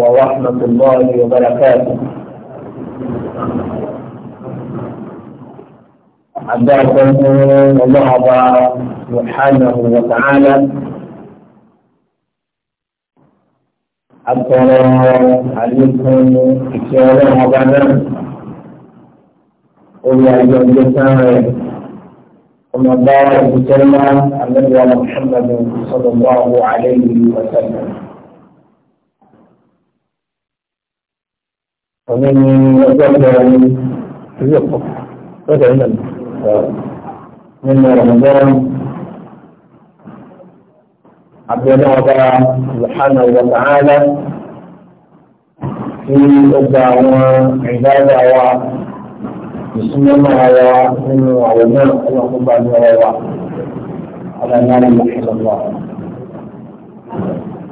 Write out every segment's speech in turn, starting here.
ورحمة الله وبركاته عبدالكم الله سبحانه وتعالى حتى عليكم إشارة وبعدها قل يا أيها الذين ثم بارك وسلم على نبينا محمد صلى الله عليه وسلم ومن يتكلم يوقف وتعلم من رمضان عبد الله سبحانه وتعالى في بسم الله ومسلمة ومن وعلماء اللهم بعد على نار محمد الله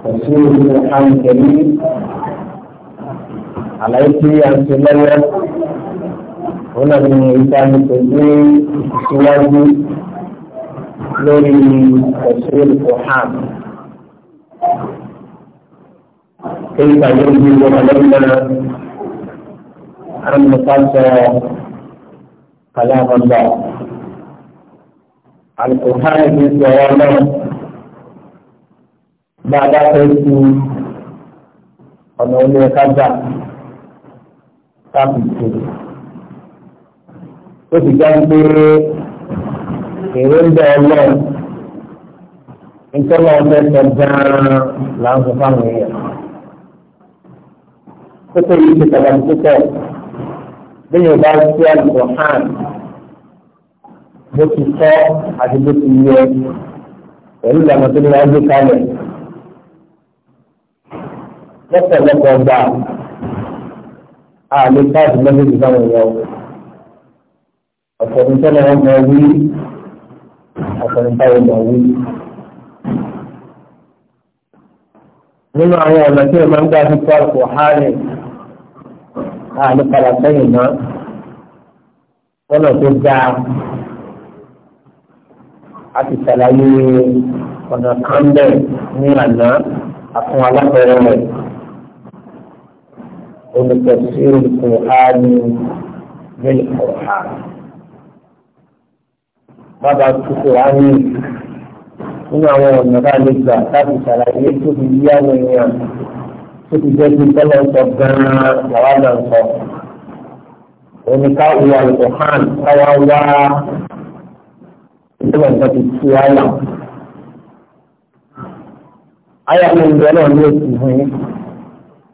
رسول القرآن الكريم àlàyé tí a ń ṣe lọ́wọ́ ó náà ní ìta ní pẹ̀lú ìṣíwájú lórí ẹ̀ṣẹ́ ìfọ̀hán. كيف يجب علينا أن نفسر كلام الله القرآن في الصوامات بعد فيه ọ̀nà olóyè gbà káàpì tó ó sì já pé èrè ń bẹ ọlọ́run nítorí ọ̀fẹ́ sọ gan-an là ń sọ fáwọn èèyàn kókó yìí ti pàtàkì púpọ̀ bí yóò bá sí àgbọ̀ hàn bó ti sọ àti bó ti yẹ pẹ̀lú ìlànà tó ní wọ́n gbé kalẹ̀ lọ́pọ̀lọpọ̀ gbà àlè káàdì mẹ́lẹ́dì báwọn ìyá wọn. ọ̀sọ̀rọ̀ sọ́nà wọn máa wí ọ̀sọ̀rọ̀ táwọn máa wí. nínú àwọn ọ̀nà tí wọ́n máa ń gbà fi tó àpò hárẹ̀ àlè padà sẹ́yìn náà lọ́nà tó dáa a ti ṣàlàyé ọ̀nà kan bẹ́ẹ̀ ní àná àfún alápẹ̀rẹ̀ rẹ̀. ونفسر القرآن بالقرآن bàbá tuntun wá ní nínú àwọn ọ̀nà bá lè gbà láti ṣàlàyé tó fi yí àwọn èèyàn tó ti jẹ́ kí tọ́lọ̀ sọ gan-an làwa náà sọ. òní ká wo àlùkòhán káwá wá ìjọba nǹkan ti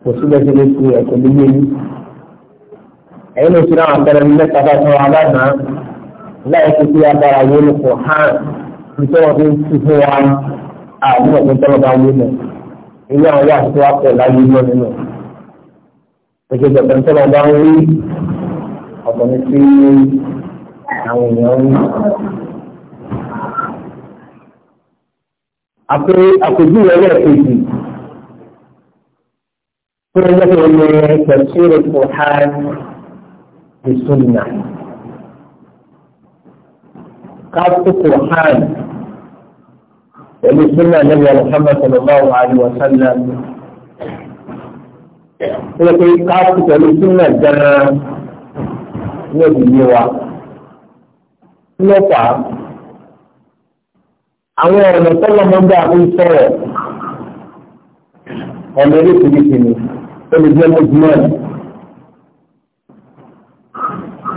kò síbẹ̀ sí lè fi ẹ̀kọ́ ní yé yín. ẹ̀yin ló ti ráwọn abẹ́rẹ́ mẹ́ta bá tọ́ aládàá láì fi fi agbára yé ní kò hàn nítorí wọn fi ń tu fún wa àwọn ọ̀gbìn tọ́lọ̀ bá yé mọ̀ ilé àwọn yà tó wá láyé mọ́ nínú. ètò ìjọba tọ́lọ̀ bá ń rí ọ̀gbọ̀n tí àwọn èèyàn ń rí. àpèjúwe ẹlẹ́ẹ̀kejì tí wọ́n yẹ kí ní tẹ̀síìrì kùhán ìsúnà. Káàpù kùhán pẹ̀lú súnà níbi Muhammad sallallahu alaihi wa sallam. Tí wọ́n yẹ kí káàpù pẹ̀lú súnà gan-an ní òbílẹ̀ àwọn ọ̀nà tọ́lọ́mọdé àbúrò ọ̀nà oríṣiríṣi ni ó lè jẹ́ mojúmọ́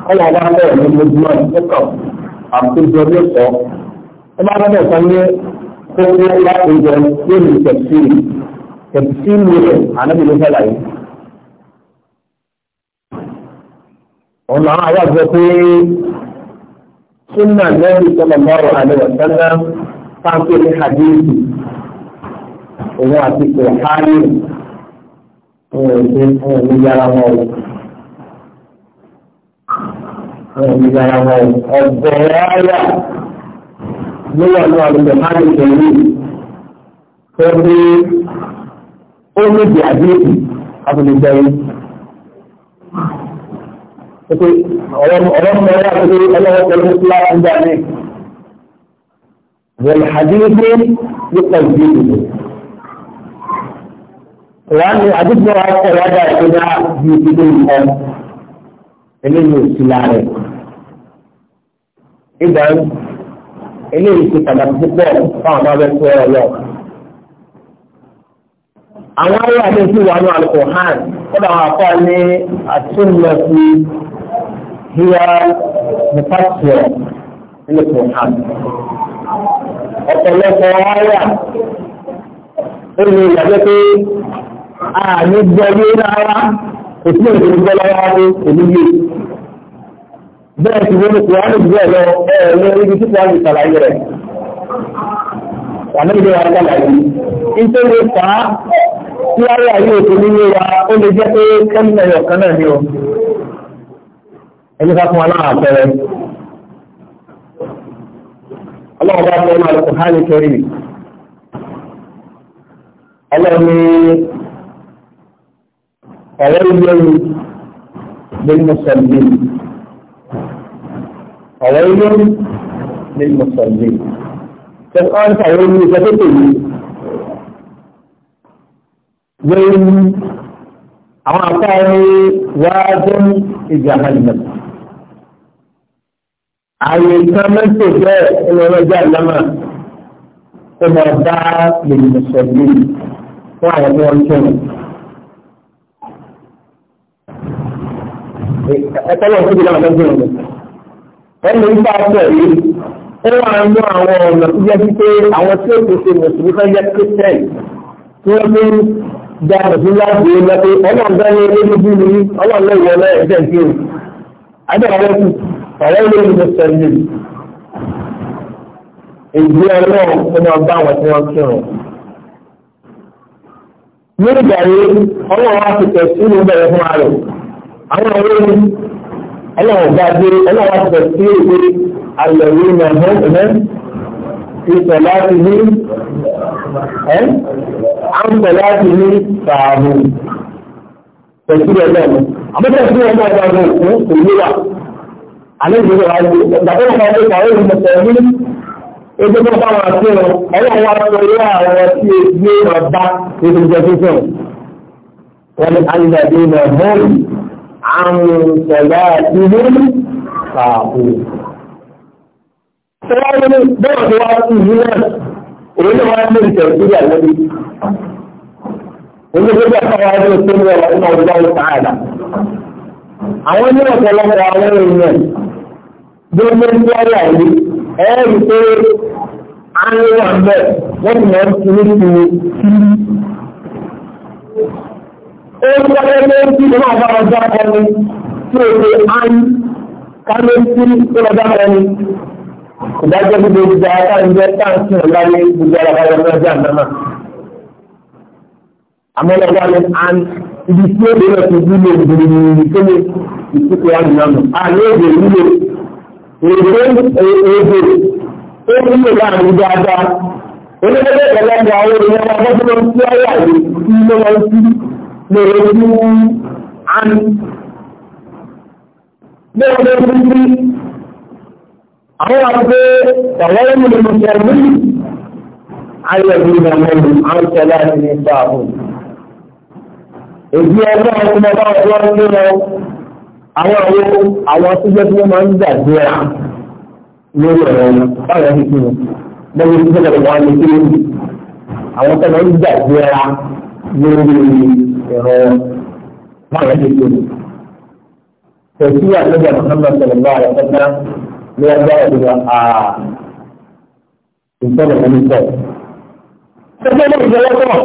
ọlọ́ ọba bẹ́ẹ̀ ní mojúmọ́ ó kàn àkójọ ní sọ ó bá bẹ́ẹ̀ sọ ní kó ó bá kójọ yóò ní tẹ̀sí tẹ̀sí ní rẹ̀ ànábìlẹ̀ fẹ́lá yìí. ọ̀nà àwọn àjọ pé súnà lẹ́yìn sallallahu alaihi wa sallam táǹkì ní hadithi òun àti kò hánì fún ẹgbẹ́ fún ẹgbẹ́ yára wọn o. Fún ẹgbẹ́ yára wọn o. Ọ̀gbẹ́ ayà ló wà ní àlùkò Hánìkè yìí. Fẹ́mi ó ní ìdí àdéhùn àbùlẹ̀jẹ̀ yìí. Pé ọ̀rọ̀ mi ọ̀rọ̀ àti ọlọ́wọ́ pẹ̀lú Fúláwà ń dà ní. Wẹ̀lẹ̀ àdéhùn ló pọ̀ jù lọ wàá ní àdúgbò ọkọ̀ wájà ìpínlẹ̀ bí ilé ìkọ́ eléyìí òsì láàrẹ̀. Ìgbà eléyìí ti pàtàkì púpọ̀ fáwọn ọmọ abẹ́ fún ọlọ́. Àwọn ayé àti ìsìn wà ní àlùkò hàn kọ́dà wọn àkọ́ ní àtúnlọ sí híyá nípasẹ̀ nílùkò hàn. Ọ̀pọ̀lọpọ̀ ayé ó ní ìyàgbẹ́ pé àmì gbọ́yé rárá òtí èdè gbọ́ lọ́wọ́ ní oníyé bẹ́ẹ̀ sì wọ́n ní kùránì bẹ́ẹ̀ lọ ẹ̀ẹ́lẹ́ ibi tí kùránì ṣàlàyé rẹ̀ wàmí ìdíwà ṣàlàyé nítorí fà á tí wọ́n rí àyè òtún nílé wa ó lè jẹ́ pé kẹ́mínà ẹ̀yọ̀ kan náà ni o ẹni ká fún wa náà àpẹẹrẹ ọlọ́run bá fẹ́ máa lọ kùránì kẹrì ọlọ́run ní فويل للمصلين فويل للمصلين القرآن فويل لثبته ويل أعطاه واد جهنم أي كمن تجاه الوجه لما تمرضى للمصلين فهو يقول ẹ̀tọ́lọ́ tó ti láwọn tó ń gbìyànjú. ẹni nípa ọ̀sẹ̀ yìí ó wà ń mú àwọn ọ̀nà tó jẹ́ sí pé àwọn tí ó pèsè mùsùlùmí fẹ́ jẹ́ kírísítẹ́nì tí wọ́n fi ń da mùsùlùmí láti ilé pé ọlọ́ọ̀dá ni olójú ni ọlọ́ọ̀lọ́ ìwọ náà ẹ̀jẹ̀ ń fi hù. adéwàlẹ́ kù ọ̀rẹ́ ilé ìlú sẹ́yìn èyí ọlọ́run tó máa bá àwọn tí wọ́n kírun ní ìgbà yìí àwọn ọ̀rẹ́ mi ọlọ́wọ́ bá dé ọlọ́wọ́ àtẹ̀ sí èdè àyẹ̀wò ìmọ̀ ẹ̀hẹ́ ìfẹ́ láti ní ẹ́ àǹfẹ́ láti ní sàárù pẹ̀lú ẹlẹ́nu. Àbẹ́tẹ̀ sí ọmọ ọ̀gá ọmọ òkú kò yé wa. Àlejò rẹ̀ wá sí ìgbàgbọ́ ọmọ ọdún ìpàwọ́ ìlú mọ̀tẹ̀ ní ebi tó bá wọn sí wọn ọlọ́run wa sọ ilé àwọn tí e gbé ọba ètò ìjọ tuntun. Wọ́n ní àyíká ìdí ìmọ̀ ọ̀hún àǹtọ̀lá ìlú kààbò. Sọ́wọ́n ní bẹ́ẹ̀ tó wá sí ìlú náà, òun náà wá ní ìtẹ̀ sí ìyàwóbi. Òun ló gbé àwọn ọmọ ọdún tó ń wọ̀ ní ọjọ́ ìta àdá. Àwọn ní ọ̀pọ̀lọpọ̀ àwọn èèyàn bí ó ń gbé ọ̀rọ̀ yìí, ẹ̀ẹ́rì pé a ń wà ń bẹ̀ wọ́n ti mọ̀ ń ó ń wáyé lórí tí ìlú náà bá ọjọ́ ẹni tí ó ṣe án kálé sí tó lọ́jọ́ ẹni. ìdájọ́ gbogbo ìjà táǹjẹ́ táǹtì ọ̀láyé gbogbo alábàáyọ lọ́jọ́ àdámà. àmọ́ lọ́jọ́ ẹni án ibi tí ó lè lọ sí wúlò gbìyànjú tó lè ìsìnkú wa nìyàn nù. àní èdè wúlò lòròdú àmì lóòrò títí àwọn àgbẹ̀ ọ̀wọ́ ìmìlì mùsùlùmí ayẹ̀bí ìrànlọ́rùn àǹtẹ̀ láti ní ìgbà ààbò èdè ọgbọ́n ọkùnrin ọba ọjọ́ ń lé lọ àwọn àwọn àwọn tó jẹ́ tí wọ́n máa ń gbàgbé à lórí ọ̀rọ̀ wọn báyọ̀ ní kí wọn lọ́wọ́ tí wọ́n lọ́wọ́ wọn ní kí ẹ̀rọ máa yẹn lè tóbi. kò sí àtúntò Muhammad sọlọ́lá rẹ̀ tọ́ta ní ọjọ́ ìdúrà àà ìtọ́nà ẹni sọ. ṣẹ́jọ́ ní ìjọba sọ̀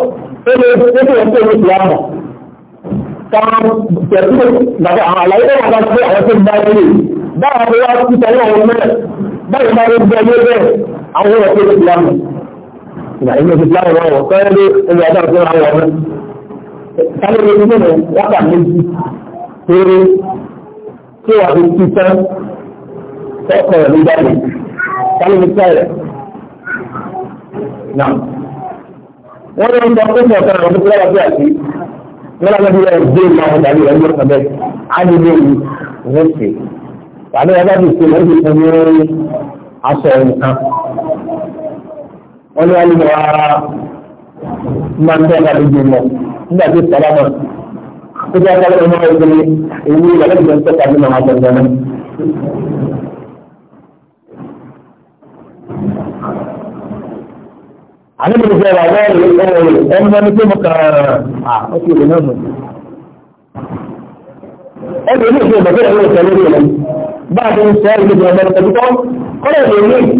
ó lè ṣètò ẹ̀kọ́ ìwé ìyàmọ̀. káwọn tẹ̀sí bàbá àwọn àlàyé náà bá ṣe àwọn tó ń bá ilé báwọn tó wá sí tẹ̀lé ọ̀hún mẹ́rẹ̀ báyìí bá ń bẹ ilé bẹ́ẹ̀ àwọn ọ̀tọ̀ ìyàmọ̀. ìgbà ìgbà ìgbà ìgbà ìgbà ìgbà ìgbà sáré nínú wákà méjì péré tí wà fi ti tán ọkọ̀ ní jáde sáré ní tẹ́lẹ̀. Nà wọ́n ní ọjọ́ tó sọ̀rọ̀ kan àwọn tó lára bí àti lọ́la lọ́dí rẹ̀ dé ìmọ̀ àwọn ìdàgbé rẹ̀ lọ́sàn bẹ́ẹ̀ á ní ilé yìí wọ́n ṣe. Tàbí ẹgbẹ́ ti ṣe lọ́dí fún mi aṣọ nǹkan. Wọ́n ní wọ́n ní wọ́n máa ń tẹ́ ọ̀gá lójú mọ́ nígbà tí sálámà tó bá sáré ọmọ ẹgbẹ́ ní ewu ìyàlẹ́gbẹ̀ẹ́ ń tọ́ka nínú àwọn àgbàgbà náà. àní mo fẹ́ wà lọ́ọ̀rì ọ̀rọ̀ ọmọ ní pé mo kàn án ó sì rè náà mọ̀. ẹgbẹ́ ilé ìṣe ìbọ̀fẹ́ ìwé ìṣẹ́ lórí rẹ̀ bá a ti ń sọ ìlú ìjọba ẹ̀rọ tẹ̀lé tán kọ́lẹ̀ lè ní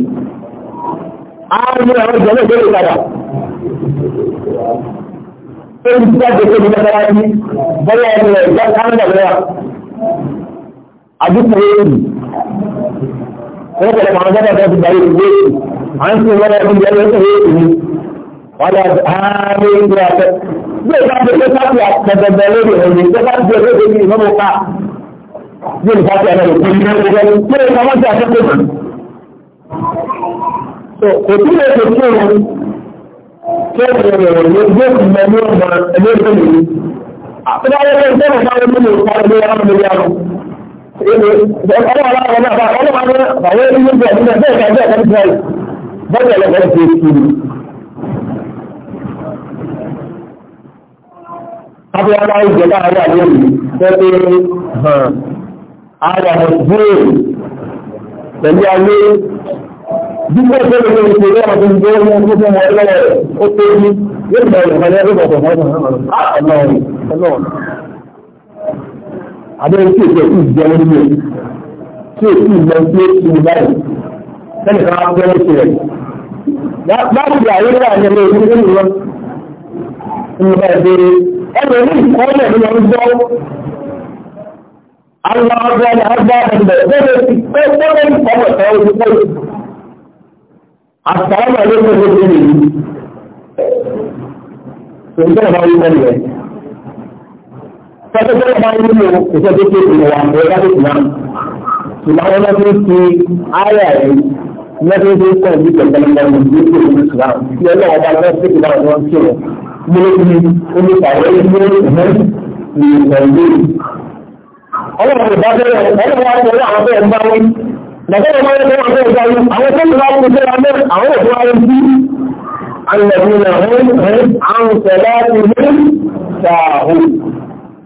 àwọn ìjọba ìjọba ìjọba sai su ta da kai da karatu bare ne da kan da bare a duk ne ko da ma da da da bare ne an su wala da da da ne wala amin ya ta zai ka da ta ta da da ne ne da ka da da ne ma ka yin fatiha da kullum da kullum ko kamar ta ta ko ko tun da ke cewa tó ń rẹ̀ rẹ̀ ní gbé ìmọ̀ ní ọmọ ẹgbẹ́ ìgbẹ́ mi. Àtúbọ̀ ayẹyẹ ìgbẹ́ mi sáré nínú ìparí ní ọmọ mi yára. Ọlọ́run aláwọ̀ náà bá ọlọ́run àwọn ẹni níbi ẹ̀mí náà bẹ́ẹ̀ kájọ́ ẹ̀kọ́ ti ráyè. Bọ́ọ̀lù ẹ̀lẹ́kọ̀ọ́ ti kiri. Abúlé aláwọ̀ ìjọba àwọn àwọn ènìyàn tẹ́lẹ̀ àwọn ìdúró pẹ̀lú ayé dípò tó lè lè ṣe lọ́wọ́ tó ń gbé ọmọ tó fún wọn lọ́wọ́ rẹ̀ ó tó ní yóò bẹ̀rẹ̀ ìpàdé ẹgbẹ́ ọ̀pọ̀ mọ́tò ọlọ́run ọlọ́run abẹ́rẹ́ tí èso ìjọ jẹ́ lórí rẹ̀ tí èso ìjọ tí ó ti báyìí sẹ́ni kan á bẹ́rẹ̀ ṣe rẹ̀ láti ìgbà yóò wà ní ẹgbẹ́ ìlú nínú wọn nínú bá ẹgbẹ́ ẹgbẹ́ ní ìkọ́lẹ̀ ní wọn gbọ́ àwọn ọgbọ́n àgbà àgbà bẹ́ẹ̀ ti pẹ́ àtàwọn ọ̀lẹ́ tó ló dé nìyí tó ń tẹ́lẹ̀ máa ń wọ́n lẹ̀. Tọ́jú tẹ́lẹ̀ máa ń wúlò ìṣẹ́ tó ké ìwà ìwà ìwà ìwà ìwà tó ti ayà rẹ̀ lọ́dún tó kọ̀ ní ìjọba ìwà ìwà ìwà ìwà ìwà tí ọlọ́wọ́ bá lọ́wọ́ sí ìwà ìwà tí ó mú ní ní ìwà ìwà ìwà ọlọ́wọ́ bá bẹ̀rẹ̀ ọlọ́wọ́ bá bẹ̀rẹ̀ àwọn Bàbá ọmọ ẹgbẹ́ wọn fẹ́ ìgbà yìí, àwọn tó ń bá wọn fẹ́ ra mẹ́, àwọn òkú ara sí. Àlẹ́bìnà wọn rẹ̀ àrùn sẹ̀lá ti rí ṣàhù.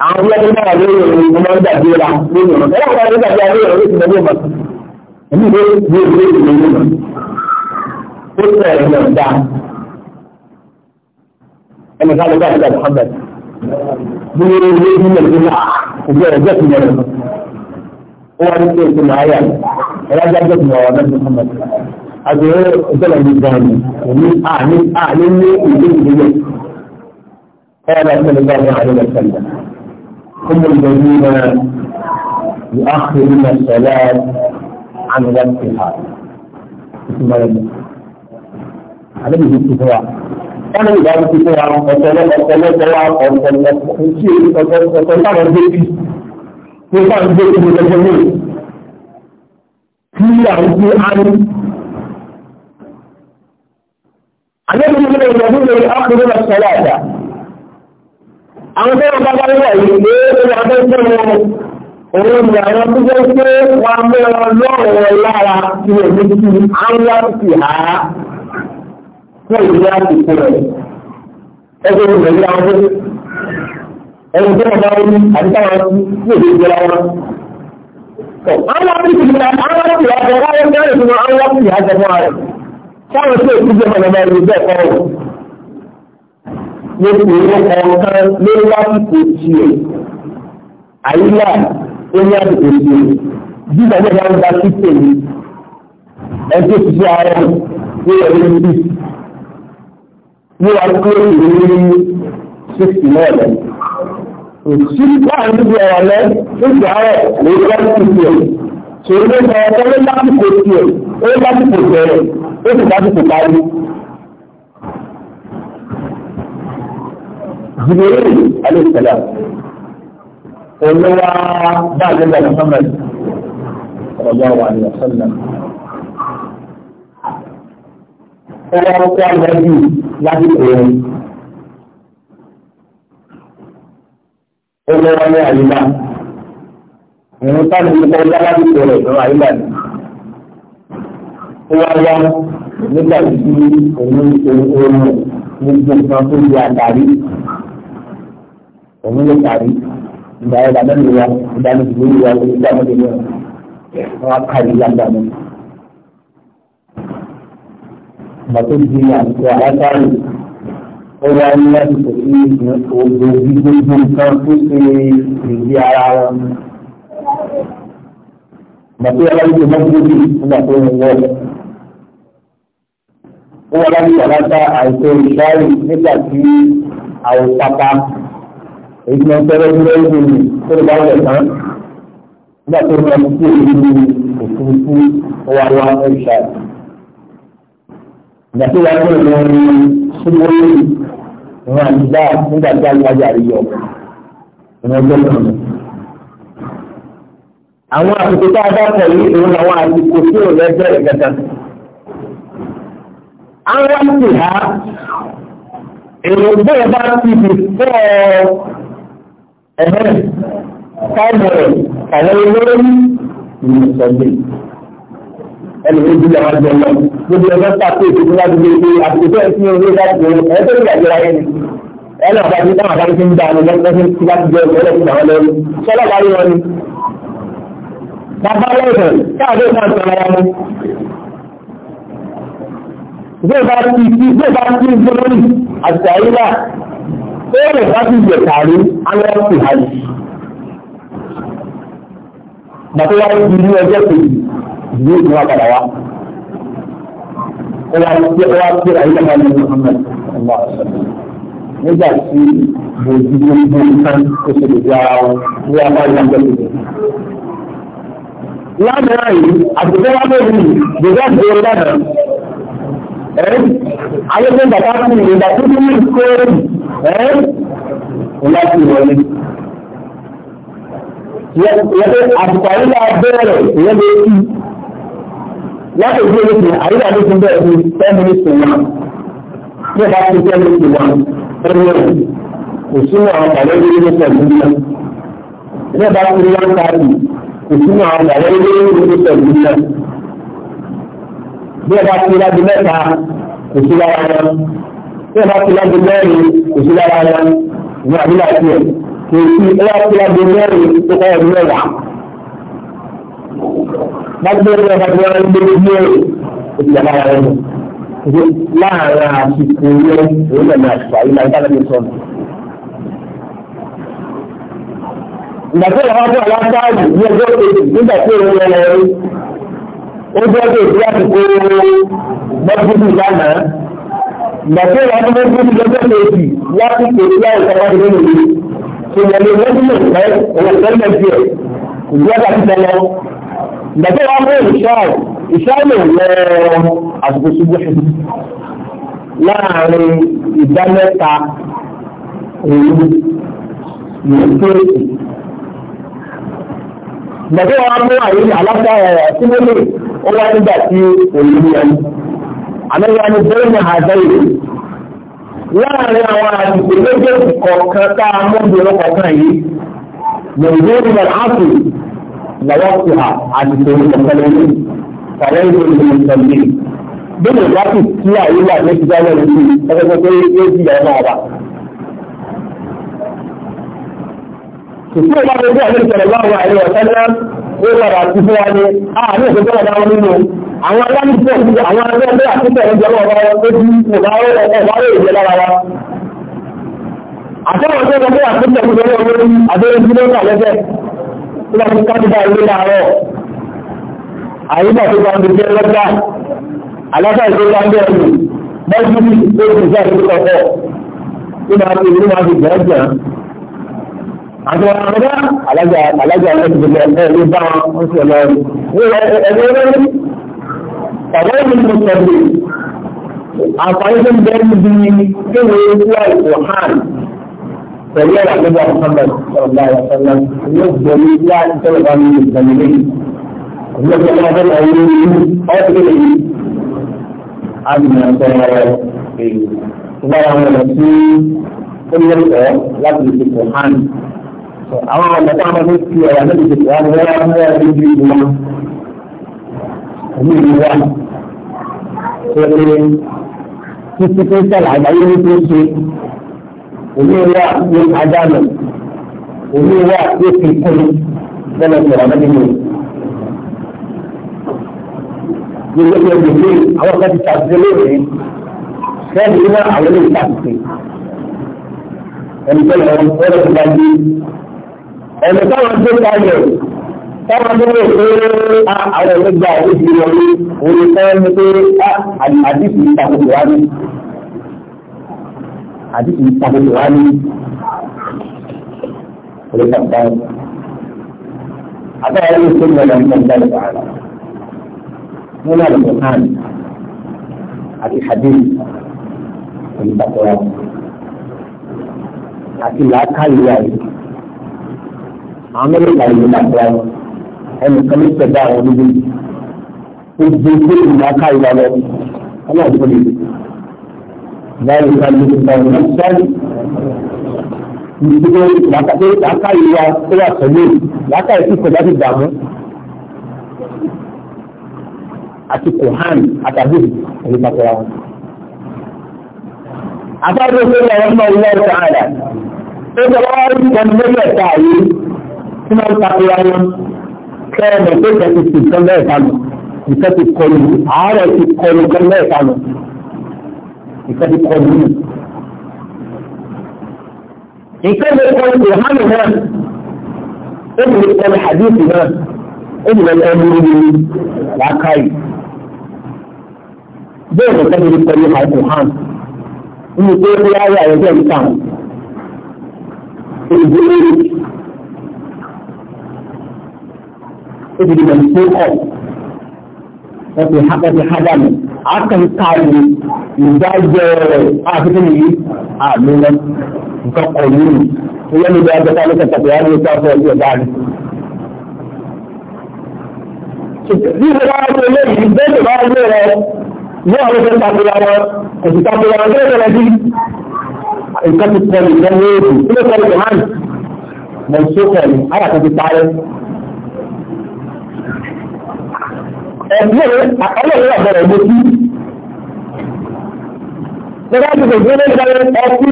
Àwọn ọmọ ẹgbẹ́ wọn lórí ìròyìn ìgbìmọ̀ ń dàbí ra lórí ìròyìn. Ẹ̀rọ kan ní dàbí abẹ́ ìròyìn ti dàbí ìmọ̀. Èmi ló ní ìwé ìròyìn ìmọ̀. Ó sọ ẹ̀rọ dá. Ẹnì kan ló bá ti dàbí Mohammed. Bí wọ́n ní ilé ìgbìmọ̀ ìgbìmọ̀ ẹ̀rájájọ́ ti wà wà lẹ́sìn fún mi. àgbèrè ìṣẹ̀lẹ̀ mi gan ni èmi àní àní ní ìlú ìdílé قال صلى الله عليه وسلم هم الذين يؤخرون الصلاة عن وقتها ثم يدعو هذا من الاتفاق wọ́n lè dájú pé àwọn ọ̀tọ̀lọ́ ọ̀tọ̀lọ́ wa ọ̀tọ̀lọ́ kí ọ̀tọ̀lọ́ rẹ̀ gbé bí tó bá ń gbé bí lọ́jọ́ náà tí àwọn gbé arí. Àjẹ́bí ní ilé ìrọ̀lú lórí ápùrú lọ sọ́lá àjà. Àwọn tó wọn bá bá wà yìí pé ó wà tó tó wọn òun ni àwọn tó jẹ́ pé wà mẹ́rọ lọ́rọ̀ lára tí ó ní kí àwọn ti hà á fún ìlú àsìkò rẹ̀. Ẹgbẹ́ ìrọ̀lú lórí àwọn tó ẹni tó wọn bá wọn ní àti táwọn tí ó lè jẹ́ lára àwọn akíkìlá àwọn akíkìlá ọ̀gá wọn ń dáhùn fún àwọn akíkìlá ọ̀gá rẹ̀ sáwọn tí èkú jẹ́ ọ̀nà ẹ̀rù bẹ́ẹ̀ kọ́ wọn. ní ìwé ọ̀kan lórí lásìkò tiẹ̀ àyílà ó ní àsìkò tiẹ̀ bí ìgbàgbọ́ bá ń gba sípè ní ẹjọ́ ti ṣe ara ní ẹ̀rọ níbi ní wàá kúrò ní sixty náà òsì láàrin níbi ọ̀rọ̀ lẹ́ níbi àárọ̀ lórí lásìkò tiẹ̀ ṣòro ló sọ ọjọ́ ló lásìkò tiẹ̀ ó lásìkò bẹ̀rẹ̀ ó sì lásìkò parí. jìbìrì alẹ́sẹ̀lá olówó bá àgbẹ̀dà Muhammad ọ̀gá wa ni ọ̀sánná. ó wá kó lásìkò yẹn. ó lọ́wọ́ ní àyíká ìrún sáà ní kọjá láti bẹ̀rẹ̀ ìrún àyíká ni ó wá wá nígbà tí òun òun ní gbogbo tó di àtàrí òun ló tàrí ìgbà ẹ̀dá mẹ́rin wa ìgbà ní ìlú wa ìgbà mẹ́rin wa wọ́n á kárí yàgbà mi. Bàtó di àtúntò àyáká rẹ̀ ó wá ní lásìkò sí ògbò gbígbógbó nǹkan tó ṣe ìdí ara wọn. Màtí aláwọ̀ mọ́gbógbì nígbà tó ń wọ̀. Ó wá láti àlàkà àìsàn ìṣáàrì nígbà tí àwọn pápá èyí máa ń tẹ́lẹ̀ ní lẹ́yìn ní tó lè bá wọlé tán. Nígbà tó ń lọ sí èyí ní òfurufú ó wá ìṣáàrì. Ìgbà tó wá ní ìlú tó wọ́n lè ìran àdìdá nígbà tí aláwájú àríyọ ìran ọjọ́ kan nù. àwọn àsìkò tá a dákọ̀ yìí ìran àwọn àsìkò tí ò lẹ́gbẹ́ ìgbẹ́ta. àwọn ti ha èrò bẹ́ẹ̀ bá ti fi fọ́ ẹ̀hẹ́n káàmù kàwé lórí ìrìnsọ̀gbìn ẹni tó bí àwọn àjọ lọ gbogbo ẹgbẹ́ pàtó ìdíjú láti lè ṣe àtúntò ẹ̀sìn orí láti lè ẹ̀ tó ní àjọra yẹn ni ẹni àbájú táwọn àbájú ti ń dá àwọn ẹgbẹ́ tí láti jẹ ọ̀rẹ́ fún àwọn lẹ́rú sọ́lá báyìí wọn ni. bàbá lẹ́sẹ̀ káàdé náà sọ ara mu. ìgbé bá ti ti ìgbé bá ti ń gbóná ní àti àyíká ó rè bá ti yẹ kàrí àwọn ọ̀sìn àyè. bàtọ́ wáyé ti ní ọjọ́ kejì ìwé ìwé àpàdà wa ó wá sí ó wá sí àyíká máa ní Muhammad nígbà tí bòjú ló ń bó nǹkan ó ṣe lè di ara wọn ní apá ìyàgbẹ́ tuntun. lánàá yìí àtúntò wá lórí bòjú àti bòjú e lánàá ẹ́ ayélujára bàbá fún mi ìgbà tó ní ìkórè ẹ́ ìlà ti wọlé yẹ pé àtùkọ̀ yìí la bẹ̀rẹ̀ ìyẹn lè fi láti ìdí olóṣèlú àyíká ló ti ń bẹ̀rẹ̀ bíi ten minutes to one bí ẹ bá ti ten minutes to one ẹni ẹ̀rù kò sínú àwọn bàbá ìdílé ló pẹ̀lú nílẹ̀ bí ẹ bá ti rí one thirty kò sínú àwọn bàbá ìdílé ló pẹ̀lú nílẹ̀ bí ẹ bá ti rí láti mẹ́ta kò sí lára wọn bí ẹ bá ti rí láti mẹ́rin kò sí lára wọn ìwà àdúrà tiẹ̀ kò sí ẹ ti rí mẹ́rin tó kọ́ ọdún mẹ́wàá lágbẹ́rẹ́ ọ̀gá ń gbé ní ìjọba rẹ̀ nù. láàárín àsìkò yẹn òun náà ní àsìkò àyè náà ìtàlẹ́ mi sọ̀rọ̀. ìgbà tí ìyàwó àti àlàáfáàlì ní ọjọ́ kejì nígbà tí òun yẹn lọ rí ó jẹ́ pé ìdí àsìkò mọ́tìkì lánàá ìgbà tí ìyàwó àti mọ́tìkì lọ́jọ́ kejì lásìkò ìyàwó ìtàwádìí lónìí ṣùgbọ́n ní mọ́tìkì lọ́jọ́ kejì ìgbà tí ìyàwó àti ìgbàgbé wa mú ìṣáì ìṣáì lè wọ àsìkò ṣubú láàrin ìdá mẹ́ta òru ìrìnkèrèsì ìgbàgbé wa mú àyè aláṣà sílélè ó wá nígbà tí òru ni ẹni àmẹ́wà ni bẹ́ẹ̀ ni àdáyé láàrin àwọn àsìkò méjèèjì kọ̀ọ̀kan tá a mú obìnrin kọ̀ọ̀kan yìí lòdì ìrìnà áàpù lọ́wọ́sùhà àti tòlùkọ̀kọ́lẹ́lì kàlẹ́lì olùsọ̀lẹ̀. Bí mo bá sì kí àyíwá ní ti dáwọ́ ìlú ọgbọ́gbọ́ pé yóò di ọmọ ọba. Kìsí ìwà gbogbo àwọn ìṣẹ̀lẹ̀ láwọn àìrí ọ̀sẹ́lá ó padà sí fún wa ní àárín òṣèlú ọ̀dà wọn nínú àwọn aláǹtọ̀ àwọn aláǹtọ̀ àtúntọ̀ ìjọba ọba ó di ìwárò ìjẹ lára wa àtọ́wọ́n tó lọ bẹ́ẹ̀ àtúntọ̀ ìjọba ọba ó di àbẹ́rẹ́ tó bá ti kápítà ìwé láàárọ̀ àyíká tó bá ń bẹ jẹ́ lọ́gbà aláṣà ìgbé bá ń bẹ ẹ̀rù bọ́ọ̀dù ní ìgbésí ìjà ìlú kọ̀ọ̀kọ̀ tó máa fi ìlú máa fi jẹ́ jẹ́ àti wọn àmọ́dá alájà alájà ọ̀rẹ́ ti bẹ̀rẹ̀ ẹ̀ ló bá wọn ń sọ lọ ẹ̀rọ ẹ̀rọ ọ̀rọ̀ ìlú sọ̀rọ̀ àǹfààní tó ń bẹ́ẹ̀ níbi kéwòó wà ìwọ̀hán pẹ̀lú ẹ̀rọ àgbẹ̀bọ̀ Muhammad sọ̀rọ̀lá àyàfẹ́lá yóò gbẹ̀mí láti tẹ́lẹ̀ bá mi ìgbẹ̀mí lẹ́yìn. Òṣìṣẹ́ tó máa bẹ̀rẹ̀ àwọn olórí ọ́sẹ̀ yìí á di máa tẹ́lẹ̀ rẹ̀ èyí. Ìgbà àwọn ọ̀nà tí ó ní ẹ̀kọ́ láti lè ṣètò hàn. Àwọn ọ̀nà tó máa ń fi ọ̀rọ̀ àti ìṣètò hàn wọ́n á mú ẹ̀rí bí ìlú wọn. Òní ìlú wa ṣe é títí tó ń sàlàyé ayé ní tó ń ṣe òní wà ní adánù òní wà ní kíkún lọ́nà tó wà nínú. Gbogbo ẹgbẹ́ gbèsè àwọn kan ti tàbí lónìí fẹ́ẹ̀ni iná àwọn ilé ìtàkùn. Ẹni tó lọ wọ́n ti dájú. Ẹni táwọn tó dáyẹ̀ táwọn tó lè pé àwọn ẹgbẹ́ gba òkú ti wọlé òun ni fẹ́ẹ́ ní pé ah, àdìsí ìtàkùn wá àti kì í takòtò wá ní ọlọ́pàá báyìí. Àbáyé ló ṣe ń lọ ní ọjọ́ ìgbà àlọ́. Wọ́n náà lọ sọ̀tàn àti hadith olùdàkọ̀rọ̀ àti làákàyè àyè. Àwọn mẹ́lẹ̀kà yìí làkọ̀rọ̀ ẹnì kan ló tẹ̀lé àwọn oníbí. Gbogbo ìgbésẹ̀ làákàyè lọ. Ọlọ́run tó lè dé láyé ìpàdé ìpàdé ìpàdé ìdílé làkàtà làkàyè wa tó wà pẹ̀lú làkàyè tí kò dájú dààmú àti kohan àtàbí ẹ̀yìn pàtàkì wọn. Àfáàdé òṣèlú àwọn ọmọ ìlú ọ̀rọ̀ àdá. Ó jọba wá rí ìkànnì lórí ẹ̀ka yìí tí wọ́n ń pàtàkì wọn. Kẹ́rẹ̀mẹ̀ tó kẹ́ ti sì nǹkan lẹ́ẹ̀ka ti kọlu, àárẹ̀ ti kọlu nǹkan lẹ́ẹ̀ka nǹkan ti kọ nínú. nǹkan lè kọ ìhánù náà ó sì lè kọ hadith náà ó sì lè kọ lórí làákàyè. bẹ́ẹ̀ ni nǹkan lè kọ ní alkohan nínú pé ó yá ayé àyẹ̀jẹ̀ nǹkan èdè lórí ó sì lè mọ̀ ní pé kọ̀ wọ́n ti hádàmù àkànkà ni ìdájọ́ rẹ̀ àfikún yìí àmúlẹ̀ nǹkan kọ̀ yìí ìyẹn níbi àjọta ní kẹtàkì á ní ìta fún ọjọ́ ìdá ni. Bí ìwé wa ní eléyìí bẹ́ẹ̀ bá wọlé rẹ̀ ní àwọn ọ̀sẹ̀ takura wọn kò sì takura wọn lórí rẹ̀ bí nǹkan ti pọ̀ nìkan ní èdè kí ló sọ ìgbà hàn mọ̀ ìṣókọ̀ ni ara kan ti parẹ́. ẹ̀gbọ́n àkọlẹ̀ náà bẹ̀rẹ̀ ló sí. Nígbà tí kò gbélé sẹ́yìn ọtí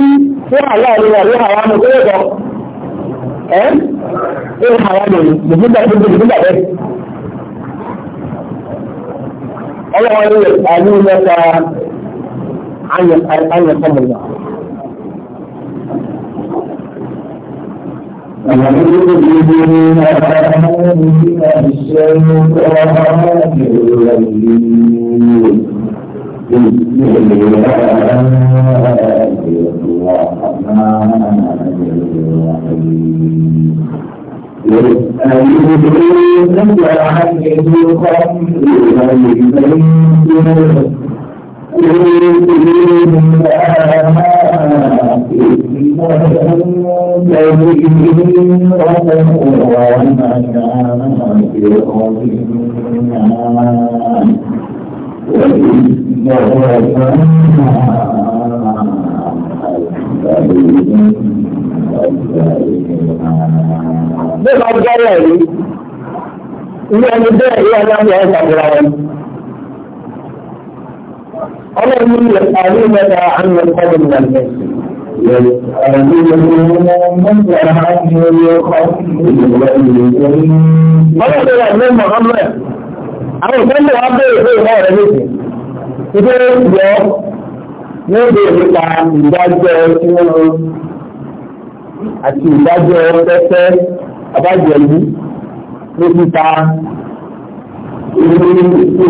tí àlọ́ ìrìn àlọ́ àwọn amòkúrò kan. Ẹ́ ní àwọn ènìyàn nígbà tó gbé nígbà bẹ́ẹ̀. Ọlọ́run ilẹ̀ àlú mẹ́ta ayẹ̀kọ́ mọ̀lá. ونعوذ بالله من الشيطان الرجيم بسم الله الرحمن الرحيم يسألونك عن الخمر والميسر Bẹ́ẹ̀ bá gbọ́rọ̀ yìí, ilé ẹni bẹ́ẹ̀ yóò wá láti ọ̀sán ìra wọn ọlọ́run yẹ àrí mẹ́ta àwọn ọkọ̀dọ̀ ìlànà Àwọn ìpínlẹ̀ wa bèèrè pé ìwọ́ rẹ̀ lèṣe, ìpé yọ ní èdè nípa ìdájọ́ tí wọ́n lọ àti ìdájọ́ pẹ́pẹ́ àbájẹ̀lú ní títa Ọlọ́run ti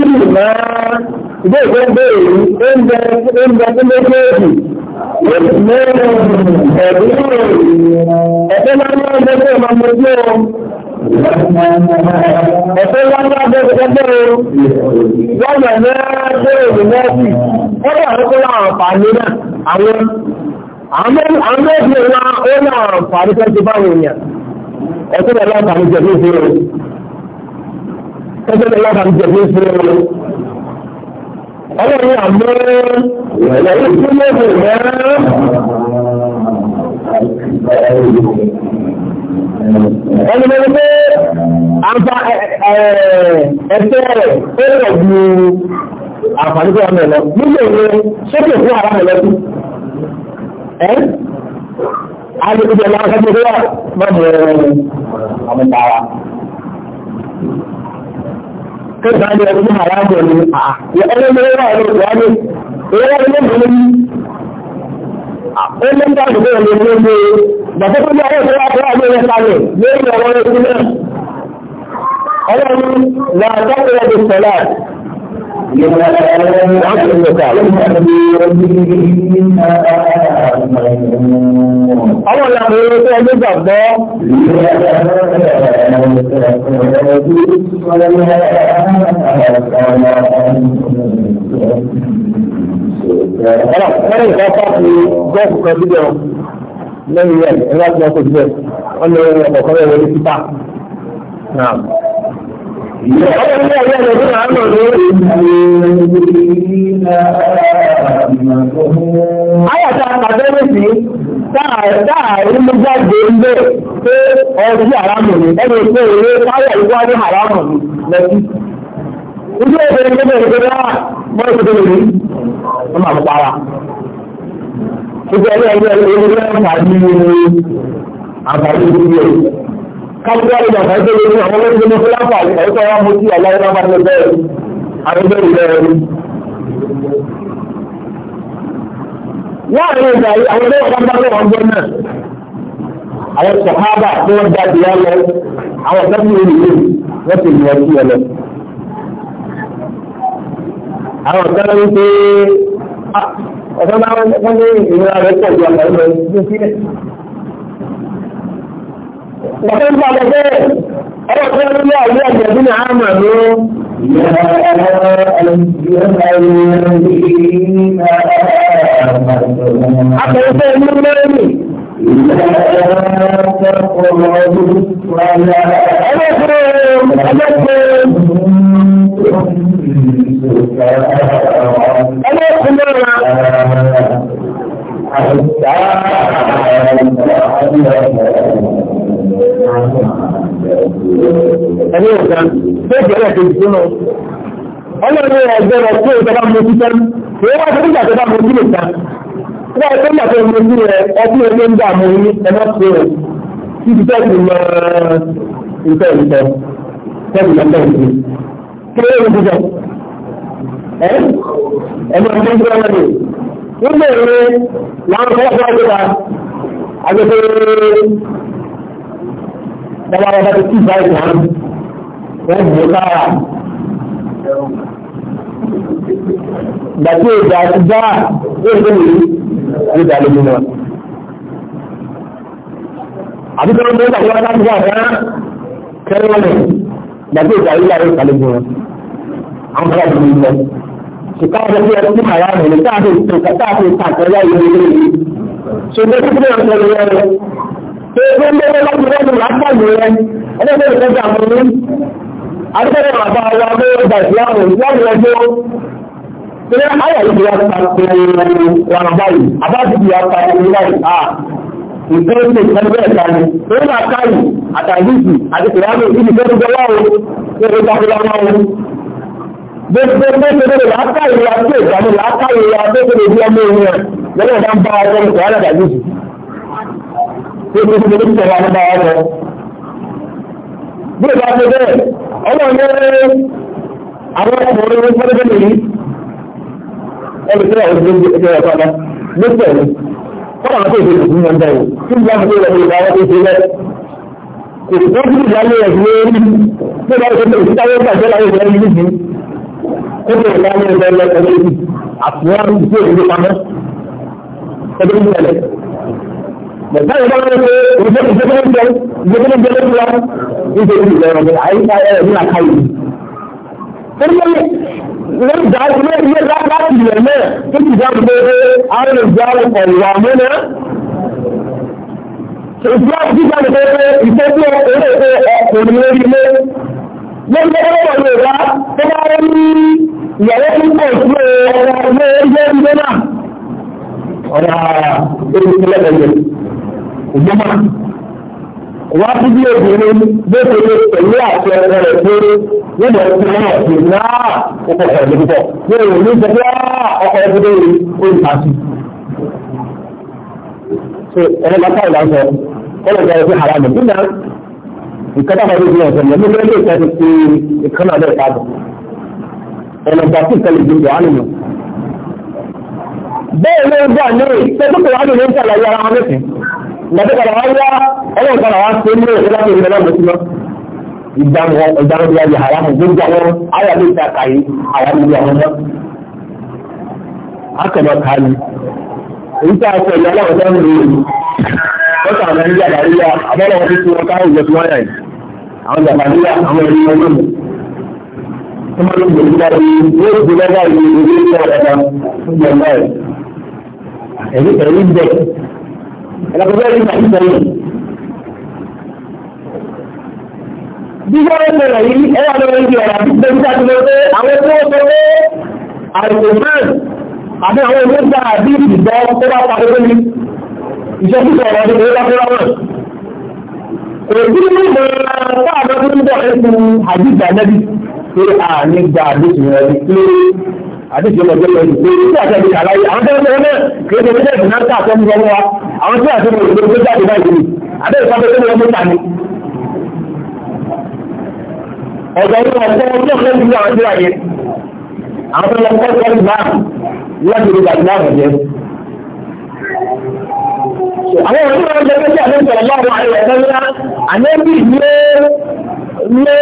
rí ìmọ̀ ìgbé ìgbé ń bèèrè ń bẹ ń bẹ fún méjèèjì ẹ̀bí ẹ̀fẹ́ máa ń wá ẹgbẹ́ ọmọ ọmọdé o ẹ̀fẹ́ wá ń wá ẹgbẹ́ o lọ́nà náà bẹ́ẹ̀ ní mẹ́sì wọ́n wà ní kó láwọn àǹfààní náà àwọn àwọn mẹ́sì wa ó láwọn àǹfààní tó ti bá wọn yàn ẹ̀fẹ́ lọ́wọ́ àǹfààní jẹ̀ ní ìfúnra ẹ̀fẹ́ lọ́wọ́ àǹfààní jẹ̀ ní ìfúnra ọlọ́run àmọ́ ìyàwó tí ó lè rẹ̀ ẹni mẹ́rin pé àǹfà ẹ̀ẹ́sẹ̀ rẹ̀ ó rẹ̀ ju àǹfààní tó àwọn ẹ̀lọ́dún ẹ́ alùpùpù ẹ̀lọ́ akẹ́kọ̀ọ́ wà ìtara kai ba da yanzu haramu ne a ya ɗan yanzu yana yana kuwa ne ya yana yana da ne a kullum da kuma yanzu ne ne da ta kuma yau kuma kuma ne ya kame ne ya wani kuma Ọlọ́run na ta kira da salat Àwọn ìlànà èrò tó ọdún gbàgbọ́. Ọ̀rọ̀ fẹ́rẹ̀ ìgbà pàtàkì gọ́ọ̀fù kan síbẹ̀ lẹ́yìn rẹ̀ ẹgbẹ́ ọkọ̀ síbẹ̀. Wọ́n lọ rẹ̀ ọkọ̀ rẹ̀ wọlé títà. Náà. Ọlọ́run ẹ̀yẹ́ sí dáàrí mú jáde ilé pé ọdún àrámù ni, ẹni pé eré táyà ìwá ní àrámù ni lẹ́sí. Ilé obìnrin tó bẹ̀rẹ̀ pé wá mọ́ ìdílé rí, ó máa pa wa. Ìjọba ẹgbẹ́ ẹgbẹ́ ẹgbẹ́ ẹgbẹ́ ẹgbẹ́ àbáyé ìdílé kájọ́ ìjọba tó lé ní àwọn olóṣèlú ní fúláfà àti ẹ̀kọ́ wa mú sí aláìlá máa lọ bẹ́ẹ̀ àwọn bẹ́ẹ̀ bẹ́ẹ̀ rí. láàrin ìgbà yìí àwọn olóòwò kan bá lọ wọn gbọ́ náà àwọn sọ̀hábà tí wọ́n jáde wá lọ àwọn sẹ́kùn ìlú yìí wọ́n ti yọ sí ẹ àwọn kan ń pé ah, ọ̀sán náà wọ́n ní ìlú rẹ̀ pọ̀ ju àkàrà Bàbá ń bàbá bẹ́ẹ̀, ọwọ́ tó ń lọ àwọn ọ̀gbẹ̀ bí ní àmà ló. Àpẹẹrẹ ní mẹ́rin. Ẹgbẹ́ ẹgbẹ́ ẹgbẹ́ ẹgbẹ́ ẹni òkà tó jẹ́rẹ̀ tó jù náà ọlọ́run ọgbọ́rọ̀ tó ìjọba mú sí tán kí wọ́n tó nígbà tó bá mú sí nìkan wọ́n tó nígbà tó mú sí rẹ̀ ọdún ẹgbẹ́ ń dààmú ní ẹ̀mọ́ pé o títí tó ti lọ ìfẹ́ ìfẹ́ tẹ́lẹ̀ lọ́gbà ìfẹ́ kí wọ́n ti jọ ẹ̀ ẹ̀mọ́ tó ń gbọ́ lọ́dún wọ́n bẹ̀rẹ̀ láwọn fọ́fọ́ àgbẹ̀ta àgbẹ̀ta bàbá wọn bá ti kí ìgbà ìgbà wọn wọn bù ú lára. Gbàtí ìgbà àti dáa yóò tó wèé yóò dá lómi náà. Àbí tó ń bọ́ ìgbà wọn láti wà náà kẹ́rẹ́ wọn lẹ̀. Gbàtí ìgbà yìí lára ìgbà lómi wọn. Àwọn bá ti lè lọ. Ṣùgbọ́n àwọn ọmọdé ẹni tí màá yá ní káàdì ìtàn káàdì ìtàn kan yá ìlú ilé yìí. Ṣé o ní kí Gbogbo ń bẹ́rẹ̀ láti rẹ́nu lápàlù rẹ̀, ẹgbẹ́ ìfẹ́ jà mọ́ ní. Agbẹ́rẹ́ bàbá wa ló gba ìsìláàmù ìsìláàmù ẹgbẹ́ ó. Ṣé ayà ìdí wa ta pé wọn báyìí, àbá ti di apá ẹni báyìí, à ìgbẹ́ ìgbẹ́ ìgbẹ́ ìgbẹ́ ìta ni. Ṣé máa káyì àtàlìsì àti ìsìláàmù ìdí ìgbẹ́ ìgbẹ́ láwo ṣe é gbàgbé láwọn gbogbo gbogbo làákàyè wa tó ìgbàmù làákàyè wa tó ìgbàmù ọmọ ìwọ̀n lọ́wọ́ bá ń bá ọmọ ìwọ̀n tó Bí ìgbà tó bẹ́ẹ̀, ọlọ́run ní àwọn ọkùnrin ní pẹ́lẹ́pẹ́ lè rí. Ẹni tí àwọn ìdílé ìgbésẹ̀ ọ̀tọ̀ ọ̀tọ̀ ló pẹ̀ ní. Kọ́nà àti ìdílé ìdílé ìdílé ìdílé ìgbà tó bẹ́ẹ̀ ìgbà wọn ti ṣe Kò sí wọ́n ti láyé ẹ̀ ní orí tí wọ́n ti tẹ̀sí táwọn ìgbàjọ́ láyé ìgbà yìí nìyí. Ó ti láyé ìgbà lọ́kọ̀ọ́ lórí àtúwọ́n tí ó ti pamọ́. Ẹgbẹ́ ìgbàlẹ̀ bàtà ìgbà wọn ṣe ìṣe ìṣe tó ń jẹ ìṣe tó ń jẹ lórí wa ìṣe tó ń jẹ lórí wa àyíká ẹ̀ ní àkàyè. Torí ló ń dá ilé ilé láti ilẹ̀ náà tó ti dá pé àwọn ìjà ọ̀wà mọ́nà. Ìjọba ti dá pé ìṣe tí oríṣi ọkùnrin lórí ilé. Lórí ọwọ́ Yorùbá tó bá rí ìyàwó tó pọ̀ sí ọ̀rọ̀ ilé ilé náà. Ọ̀rọ̀ èyí ti lẹ́gbẹ̀ẹ́ ìgbọ́mọ́ wá sí bí obìnrin bó ṣe lè pẹ̀lú àti ọ̀rẹ́ rẹ̀ pé nínú ọ̀sẹ̀ náà sì náà ó pọ̀ pẹ̀lú púpọ̀ ní èrò ní sọ pé ah, ọkọ̀ ẹgbẹ́ rẹ̀ ó ń pàṣẹ. ṣe ẹni bá káyọ̀ láńsọ kọ́lọ̀ ìjà rẹ̀ sí haram nígbà nǹkan táwọn ọdún ìjìnlẹ̀ ọ̀sẹ̀ lẹ́nu lẹ́nu ìjà ti fi ìkan náà lẹ́ẹ̀ pàdé. ọ̀nà ìgbà tí ìkẹlẹ̀ ìjìnlẹ̀ wà nínú. bẹ́ẹ̀ ló ń bọ̀ ní ìtẹ́tùkọ̀ gbàdé padà wá yá ọlọ́run padà wá sí ilé ìlú láti ìlú ọlọ́run sí lọ. ìdáhùn ìdáhùn bí ayé àyà mọ̀ gbogbo àwọn àyà lè ta kàyé àyà níbi àwọn náà. akọ̀nà kàyé èyí tá a sọ ìyá ọlọ́run tó ń lò ó wọ́n sàn àwọn ilé àdáríyá abọ́lọ́ wọn ti tún wọn káwọn ìjọ tí wọ́n yà yìí àwọn jàpàdéyà àwọn ìlú wọn lónìí. Tọ́mọ́ ló ń gbèsè dáadé yóò gbé lọ́gbà ìlú ìlú ìlú ọ̀dọ́ta fún ìjọba ẹ̀. Ẹ̀rí ẹ̀rí bẹ̀ ẹ̀lẹ́kọ̀ọ́ yìí máa ń sọ yìí. bí wọ́n ń bẹ̀rẹ̀ yìí ẹ wà lórí ibi ọ̀rọ̀ àti gbẹ̀gbẹ̀ àti gbẹ̀gbẹ̀ àwọn tó ń sọ pé àìsàn náà àbí àwọn ìwé gba àbí ìgbọ́ tó bá pa gbogbo mi ìṣẹ́kùsọ̀ ọ̀rọ̀ ọdún tó bá fẹ́ràn náà. kò sí ní ìmọ̀ káàdọ́ tó ń bọ̀ ẹ̀sìn àdìgbà nẹ́bí pé àní gba àdéhùn rẹ̀ àti ìṣẹ̀lẹ̀ ọjọ́ pẹ̀lú pé nígbà tí a ti ṣàlàyé àwọn tẹ́lẹ̀ tẹ́lẹ̀ náà kì í ṣe pé tẹ́lẹ̀ náà tààtọ́ ní ọwọ́ wa àwọn tí a ti rò ló jáde báyìí ni àti ìṣàbẹ̀ tó lọ́mọ tà ní. ọ̀dọ̀ ní ọ̀pọ̀ ọjọ́ lẹ́yìn ní àwọn tí a yẹ àwọn tó lọ kọ́ sọ́ọ̀lì náà láti rí gbàgbé náà jẹ. àwọn òṣèlú ọjọ́ pé tí a ti sọ̀rọ̀ lọ́wọ́ àyẹ̀wò ẹ̀fẹ́ ńlá ànẹ́bí lé lé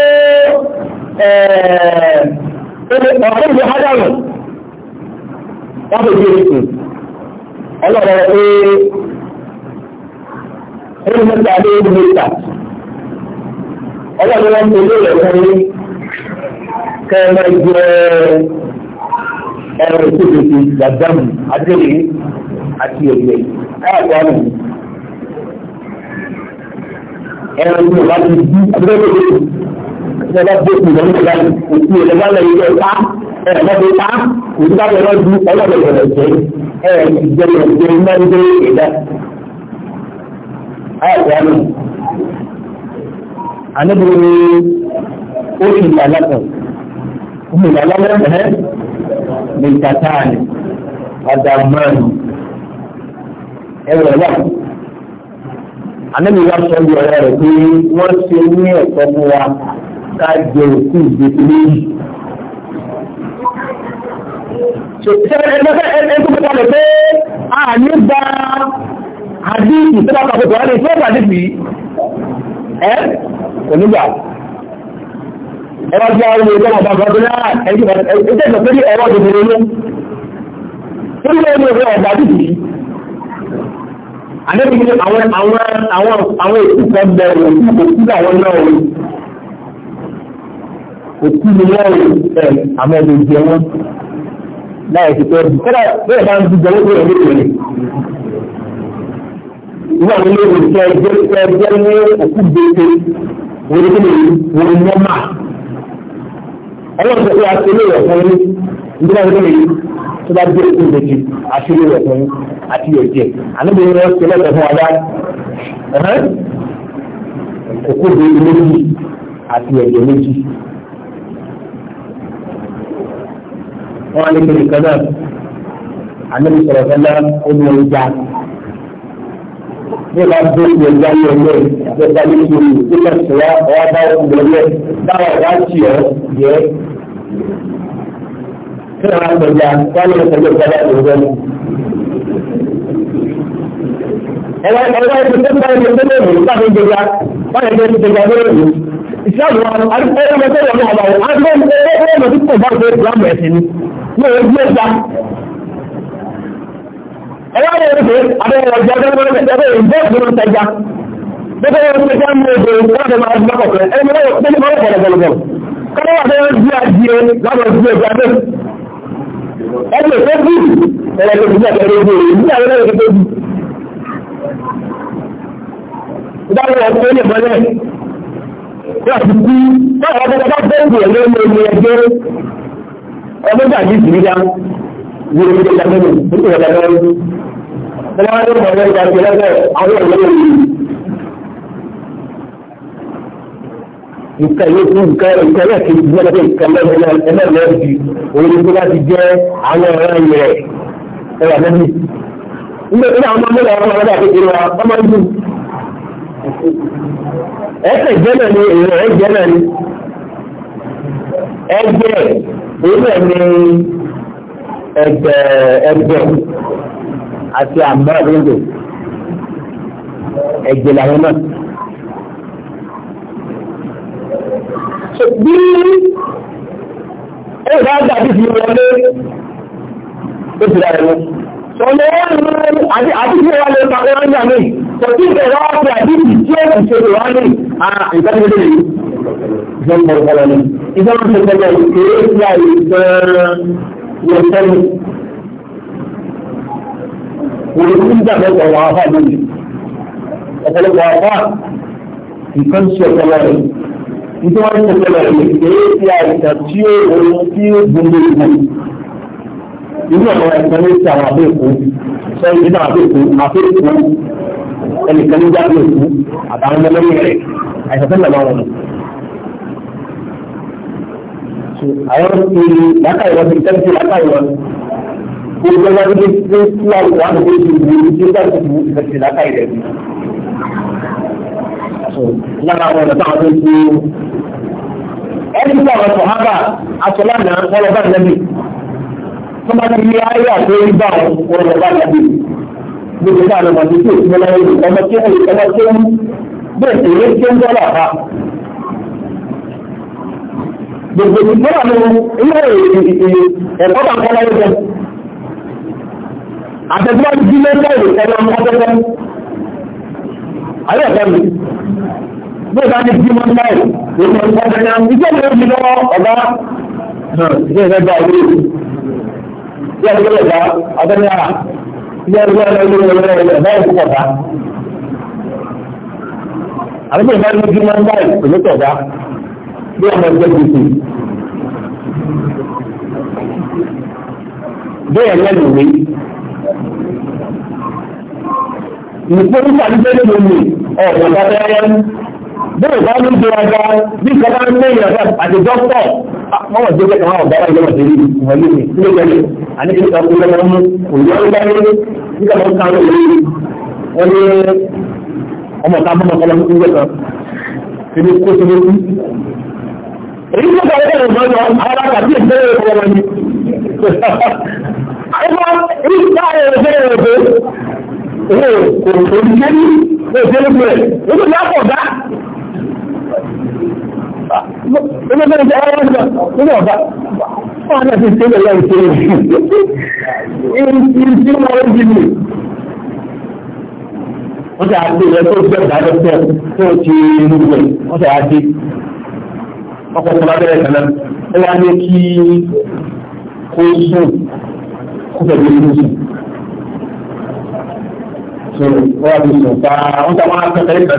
ọ̀pọ̀ ìgbé wọ́n fẹ́ gbé ìsìn ọlọ́rọ̀ pé ẹni mẹ́ta ló ń gbé ìta ọlọ́rọ̀ wọn tó lé rẹ̀ fún yín kẹ́ẹ̀mẹ́ jẹ́ ẹ̀rọ ìṣèjì gbàgbọ́n adéyé àti èyí káàkiri àná ẹ̀rọ ìṣèjì bá ti di abẹ́rẹ́ ìṣèjì ìṣèjì bá gbé ìṣèjì lọ́wọ́ ìṣèjì ìṣèjì bá lọ ilé ọ̀tá ẹ̀ẹ́dẹ́gbẹ́ ta ìdíkàbẹ̀ náà ju ọlọ́dẹ̀gbẹ̀rẹ̀ jẹ́ ẹ̀ẹ́dẹ́gbẹ̀rẹ̀ jẹ́ mẹ́rin ìdá. Ayọ̀kọ̀ ọ̀nà. Àníbìrì ni ó ti ìgbà lọ́kọ̀. Mo ìgbà lọ́wọ́ wá sọ bí ọ̀rẹ́ rẹ̀ pé wọ́n ṣe ní ẹ̀kọ́ fún wa ká jẹ òkú ìgbésí méjì ẹgbẹ́gbẹ́gbẹ́ pé a ní gba àdíjì tó bá pàpọ̀ wọ́n tó bá dìbì ẹ́ kò a lè gbọ́nà bàbá tó náà ẹgbẹ́ ìgbẹ́ pé ẹwà tó bèrè ló tó ní ẹgbẹ́ ìgbẹ́ ọ̀gbà dìbì àdébìí àwọn èkú kan bẹ̀rẹ̀ òkú àwọn náà òkú ni wọ́n rẹ̀ àmọ́ ẹgbẹ́ ìgbẹ́ wọn láyé ti tẹ́ẹ̀bù kọ́dà bẹ́ẹ̀ bá ń fi jẹ́ lókè ẹ̀mí ìrìn ìwà ní ilé ìṣẹ́ ẹgbẹ́ ìṣẹ́ ẹgbẹ́ ní òkú gbèsè wọ́n ti lè wọ́n mọ́ mà ọlọ́run tó ṣe ilé ìwọ̀sán ní ìdílé ìwọ̀sán ní tó bá dé òkú gbèsè àti ilé ìwọ̀sán ní àti ìyọ̀jẹ̀ àníbi ni wọ́n ṣe lọ́sọ̀ fún wa òkú gbèsè méjì àti ìyọ̀jẹ̀ méjì wọn á lè kéde kan náà ànábi sọ̀rọ̀ sọ́lá omi ẹja bí wọ́n bá gbé ẹja ní ẹgbẹ́ àti ẹja ní ìlú nígbà tí wọ́n wá bá wọn lọ yẹ báwa wá tì ọ́ yẹ. kí wọ́n á pẹja wọ́n lè pẹja ìjọba ìjọba ìjọba. ẹ̀rọ ẹ̀rọ ìpínlẹ̀ ìpínlẹ̀ ìpínlẹ̀ ìpínlẹ̀ ìpínlẹ̀ wọ́n yẹ kí ẹni tẹ̀lé ọdún lónìí. ìṣáàbù wọn àdúgbò ẹ̀rọ mẹ́tẹ́lẹ̀ ọ̀nà ọ̀bà wọn àdúgbò ẹ̀rọ mẹ́tẹ́lẹ̀ ọ̀nà ní ọ̀rọ̀ bí ẹ̀ta ẹ̀yà wọ́n rí pé abẹ́rẹ́ ọjọ́ ẹgbẹ́ ìgbẹ́ ìtajà gbogbo ẹ̀rọ ìtajà ń mú èdè láti máa ń bọ́kọ̀ pẹ̀lú ẹni mọ́ pẹ̀lú mọ́ pẹ̀lú gbọ̀lọ̀gbọ̀ kọ́lọ́ wà fẹ́rẹ́ bí adìẹ lábọ̀ sí ẹgbẹ́ abẹ́ ẹgbẹ́ tó bí ẹ̀rọ ìgbẹ́ ìgbẹ́ ìgbẹ́ ìgbẹ́ ìgbẹ́ ìgbẹ́ ìgbẹ́ ìgbẹ́ ìdáwọ̀ ọ̀pọ̀ ilé mọ́lẹ̀ láti kú báwọn ọmọdé bá bẹ́ẹ̀ ọdún tàbí ìsìnká ní orí ìjọba nínú nípa ìjọba lọ́wọ́ ọmọ adé ọmọ ọmọ ìjọba ìjọba lọ́wọ́ àwọn ìwé òní nǹkan yóò fún nǹkan nǹkan náà kì í gbọ́n nǹkan lọ́wọ́ ẹ̀mọ́ lọ́wọ́ ju orí tó bá ti jẹ́ àwọn ọ̀rọ̀ ìyẹ̀ ẹ̀rọ lẹ́nu. nígbà àwọn ọmọ ọmọ ọmọ ọmọ àti ìwà ọmọ ìlú ẹ̀sẹ̀ jẹ́ náà ni ẹ̀ Ilé ni ẹgbẹ́ ẹgbẹ́ àti àmọ́ ìrìndò ẹgbẹ́ làwọn náà. Bí ẹ̀rọ àgbà ti fi wọlé ó ti rà ẹ̀rọ. Sọ̀rọ̀ ẹ̀rọ àti ìwọlé pàtàkì ọjà míì kò sí ìbẹ̀rẹ̀ wọn fi àdìsí tí ó sì ṣe wá ní ìtọ́jú lè rí. ìjọba ọ̀pọ̀lọpọ̀ ni ìjọba ọ̀pọ̀lọpọ̀ ni kéré sí àyè gan-an yóò tẹ́lẹ̀. Òwe tí ń dàgbẹ́ pọ̀ wọ́n afá lónìí. Ọ̀pọ̀lọpọ̀ afá nǹkan ṣe ọ̀pọ̀lọ rẹ̀. Nítorí wọ́n ń ṣe ọ̀pọ̀lọ rẹ̀ kéré sí àyè tí nínú àwọn ẹ̀sán ní ti àwọn àbẹ́ẹ̀kú sọ ìdí náà àbẹ́ẹ̀kú àbẹ́ẹ̀kú ẹnìkan ní jáde òkú àtàwọn ọmọlẹ́yìn rẹ̀ àìsàn sẹ́lẹ̀ máa wọn. àwọn ìrìn látàìwọ́n ti tẹ́lifí látàìwọ́n gbogbo ẹgbẹ́ ní tí wọ́n wà ní ojú ìwé ní tí wọ́n ti tẹ́lifí látàìrẹ̀ bí. lára àwọn ọ̀nà táwọn tó ń fi ẹni tí àwọn sọ̀hábà aṣọ lánàá wọ́n lọ bá wọ́n bá ti ayé àti orí bá wọn lọ bá dàbí gbogbo náà lọ màdé tó ìsinmi láyé rẹ̀ ọmọ tí wọ́n ọmọ tí wọ́n bẹ́ẹ̀ sì lé tí ń dọ́là bá. Gbogbo ìgbọ́nà ló ilé ẹ̀kọ́ bá ń kọ́ láyé rẹ̀. Àtẹ̀gbọ́n ti dílé lẹ́yìn ìtẹ́lẹ̀ ọmọ ọdọ́dọ́. Ayé ọ̀gá mi, bí ìbá ti dímọ́ láyé, èmi ọ̀gá mi náà, ìjọba ìlú Ìjọba ìlú ya ga da a ga ya ya ga da ya ga da ba ku ba ale bɛ n'ale di ma n'a ye o bɛ tɔ da bí a ma jẹ gbèsè bẹ́ẹ̀ yẹn lẹ́nu mi nìkú nípa nígbà tó lè mi ọ̀pọ̀ bàbá yẹn bóyá bá ní ṣe ọjà bí ìjọba ń lẹ́yìn ọjà àti dọ́kítọ̀ wọ́n wọ̀ jẹ́jẹ́ kan ọ̀gá ọ̀gá ọ̀gá ìlú ìwọlé mi sílé jẹ́lé àní kí nǹkan kúlẹ̀ wọn mú òye ọ̀gá ilé nígbà wọn kan lóye wọn ní ọmọ ká mọ́ ọmọ ní ìwé kan síbi kó síbi kú. èyí tó kọ̀ ọ́ ọ̀gá ọ̀gá ara tàbí ìgbẹ́rẹ̀ ọ̀gá wọn ni. àwọn ìgbà ìgbẹ́rẹ̀ ọ̀gá kò Ilé ìgbẹ́ ìjẹ́ ọwọ́ ìjọ nínú ọ̀gá. Wọ́n á ti ṣe ìlẹ̀ ìṣe ìṣe tí wọ́n ń jì mí. Wọ́n ti àti ìyẹn tó gbẹ́ ìdájọ́ tẹ̀ tó ti inú rẹ̀. Wọ́n ti àti ọkọ̀ tó bá bẹ̀rẹ̀ kan náà. Ó wá ní kí kó sùn kó fẹ̀ bí inú sùn. Sọ̀rọ̀ wọ́n á ti sùn pa àwọn táwọn akẹ́kọ̀ọ́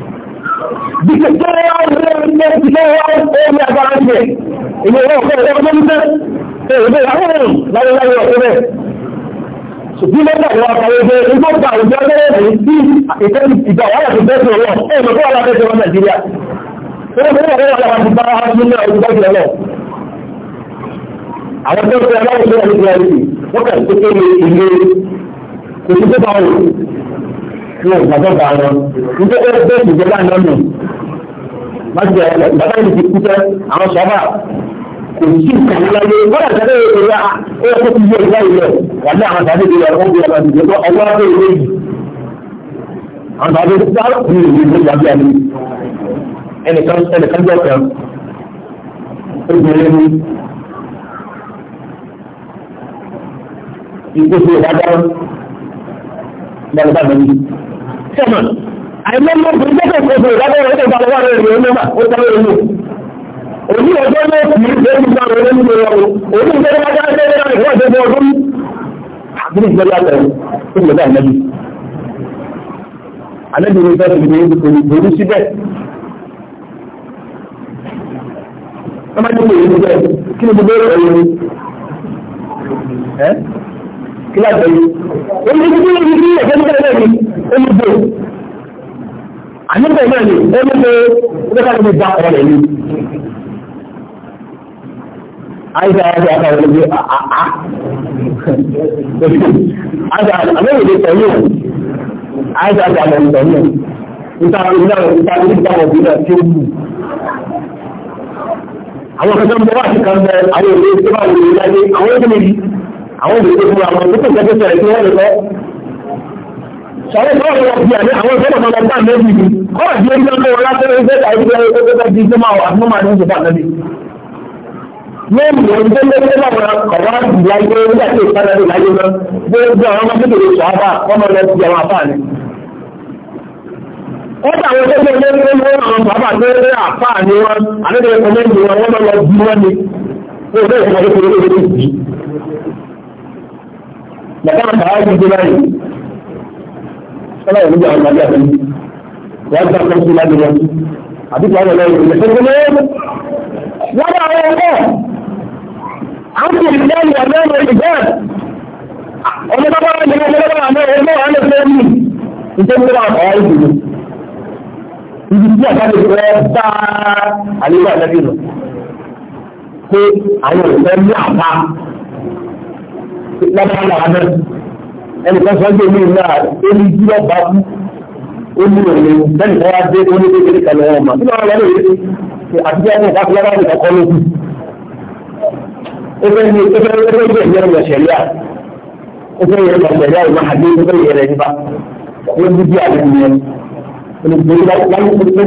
Dìkẹ̀kẹ́ ọ̀rẹ́ ilé ọ̀rẹ́ agbára ṣe, ìwé ọ̀fẹ́ ọ̀rẹ́ mọ́lúdẹ́, èèyàn bẹ̀rẹ̀ àwọn èèyàn láyé láyé ọ̀fẹ́ bẹ̀. Ṣùgbọ́n lọ́gbà àwọn àkàrẹ́ ìgbẹ́ ìgbọ́ gba àwùjọ lẹ́rẹ́ rẹ̀ sí ìfẹ́ ìgbà wà láti bẹ́ẹ̀ sọ̀rọ̀ lọ, ẹ̀rọ tó wà láti bẹ́ẹ̀ Nàìjíríà. Ṣé wọ́n fẹ́ wà láti bá ara nínú àwùjọ jẹ́ lọ? Àwọn tó ń fẹ́ aláwọ̀ tó wà ní ìgbà yìí, wọ́n kà ní ìgbàgbọ́gbà wọn nítorí pé bẹ́ẹ̀ sì jọba náà nù májèlé bàbá yìí ti kúta àwọn sọ́ba kò sí ìkànnì láyé wọ́n àti ẹgbẹ́ yìí wá ó yẹ kó ti yé ìgbà yìí lọ wà ní àwọn sàbẹ̀dẹ̀ yẹn ó ń gbé ọba dìde lọ ọwọ́ abẹ́ ìwé yìí àwọn sàbẹ̀dẹ̀ tó dáa kù ní ìlú ìgbàgbé àná ẹnìkan ẹnìkan jọ kan obìnrin ni ìgbésẹ̀ ìdájọ́ lọ́nà bá mi sẹ́mà àìmọ́mọ́ ìgbésẹ̀ ìgbésẹ̀ ìdájọ́ rẹ̀ tó gbà lọ́wọ́ rẹ̀ rèé mẹ́mà ó tẹ́lẹ̀ ìlú òní ọjọ́ náà kì í ṣe ìgbà rẹ̀ lórí ìlú ọ̀run òní ìgbẹ́ lájá ẹgbẹ́ náà ìwọ́n ìgbẹ́ ọdún àbúrò ìgbẹ́ lájá ìgbẹ́ ànẹ́bí ànẹ́bí ní ìfẹ́ ìgbẹ́ ìgbẹ́ ìgbẹ́ síbẹ̀ wọ́n máa ń gbé ìgbẹ́ kí ni gbogbo ẹ̀rọ kíláàsì yìí ó ní kíkí ní kíkí ẹ̀jẹ̀ nígbà náà ni ó ní bò àníbẹ̀ náà ni ó ní bò ó bẹ́ẹ̀ káàkiri bá ọ̀rọ̀ rẹ̀ ni. àìsàn àti àkàwọn ọmọdé àá àìsàn àbẹ̀wò lè sọ yóò àìsàn àti àkàwọn ọmọdé yóò níta níta níta níta wọ̀ bí náà tí ó wù. àwọn kankan bọ́ wá sí kan bẹ àwọn èdè tó bá wù ní láyé àwọn èdè méjì àwọn òbíkó fún àwọn òbíkó ìjọba sọ̀rọ̀ tí wọ́n lè lọ. sọ̀rọ̀ ìjọba wọn fi àmì àwọn ìjọba wọn bá nẹ́bí ni kọ́ọ̀ di orí ọmọ wọn lásán ẹgbẹ́ àìsíkẹ́ ẹgbẹ́ di ìjọba àwọn àtúmọ̀ àti ìjọba nẹ́bí. lóòrùn ló ń gbé lórí àwọn ọ̀rọ̀ ìlàyé nígbà tí ìpàdé láyé náà gbogbo àwọn ọmọ kékeré sọ̀rọ̀ ọmọ lọ sí àwọn àfáà ni. wọ́n tà àwọn ẹgbẹ́ lórí àwọn bàbá lórí àfáà ni wọ́n àlejò ẹ̀kọ́ bàbá àgbà á ti dé báyìí ọlọ́run níbi àwọn ọmọdé àti wọ́n ti àkọ́ sí lábẹ́ wọn àbí kí wọ́n lọ lọ́wọ́ ìgbésẹ̀ tó lé wọ́n bá àwọn ọkọ̀ àwọn ti ìgbà ìwà mẹ́rin ìgbà ọmọ bàbá wọn ni wọ́n bá àwọn ọmọ wọn lè fẹ́ mi nítorí wọn àwọn ọ̀hún ìdìbò ibi tí àtàlẹ́ ìfẹ́ bá àlejò àtàlẹ́ ìlú pé àwọn ìfẹ́ àbá lábàlá náà ẹnìkan sọ jẹ́ ìlú náà ó ní jílọ̀ bá kú ó ní òní lẹ́nu kan wá dé ó ní kékeré kan lọ́wọ́ mà nínú àwọn ọlọ́run yìí ṣe àtijọ́ ẹ̀kọ́ ìfàkùn lábàlá nìkan kọ́ lókù. ó fẹ́ ní ó fẹ́ ó fẹ́ jẹ́ ìyẹn ìyẹn ṣẹ̀ríà ó fẹ́ yẹ ìyẹn ṣẹ̀ríà ìmọ̀ àdé ó fẹ́ yẹ rẹ̀ nípa ó ní bí àdé nìyẹn ó ní bí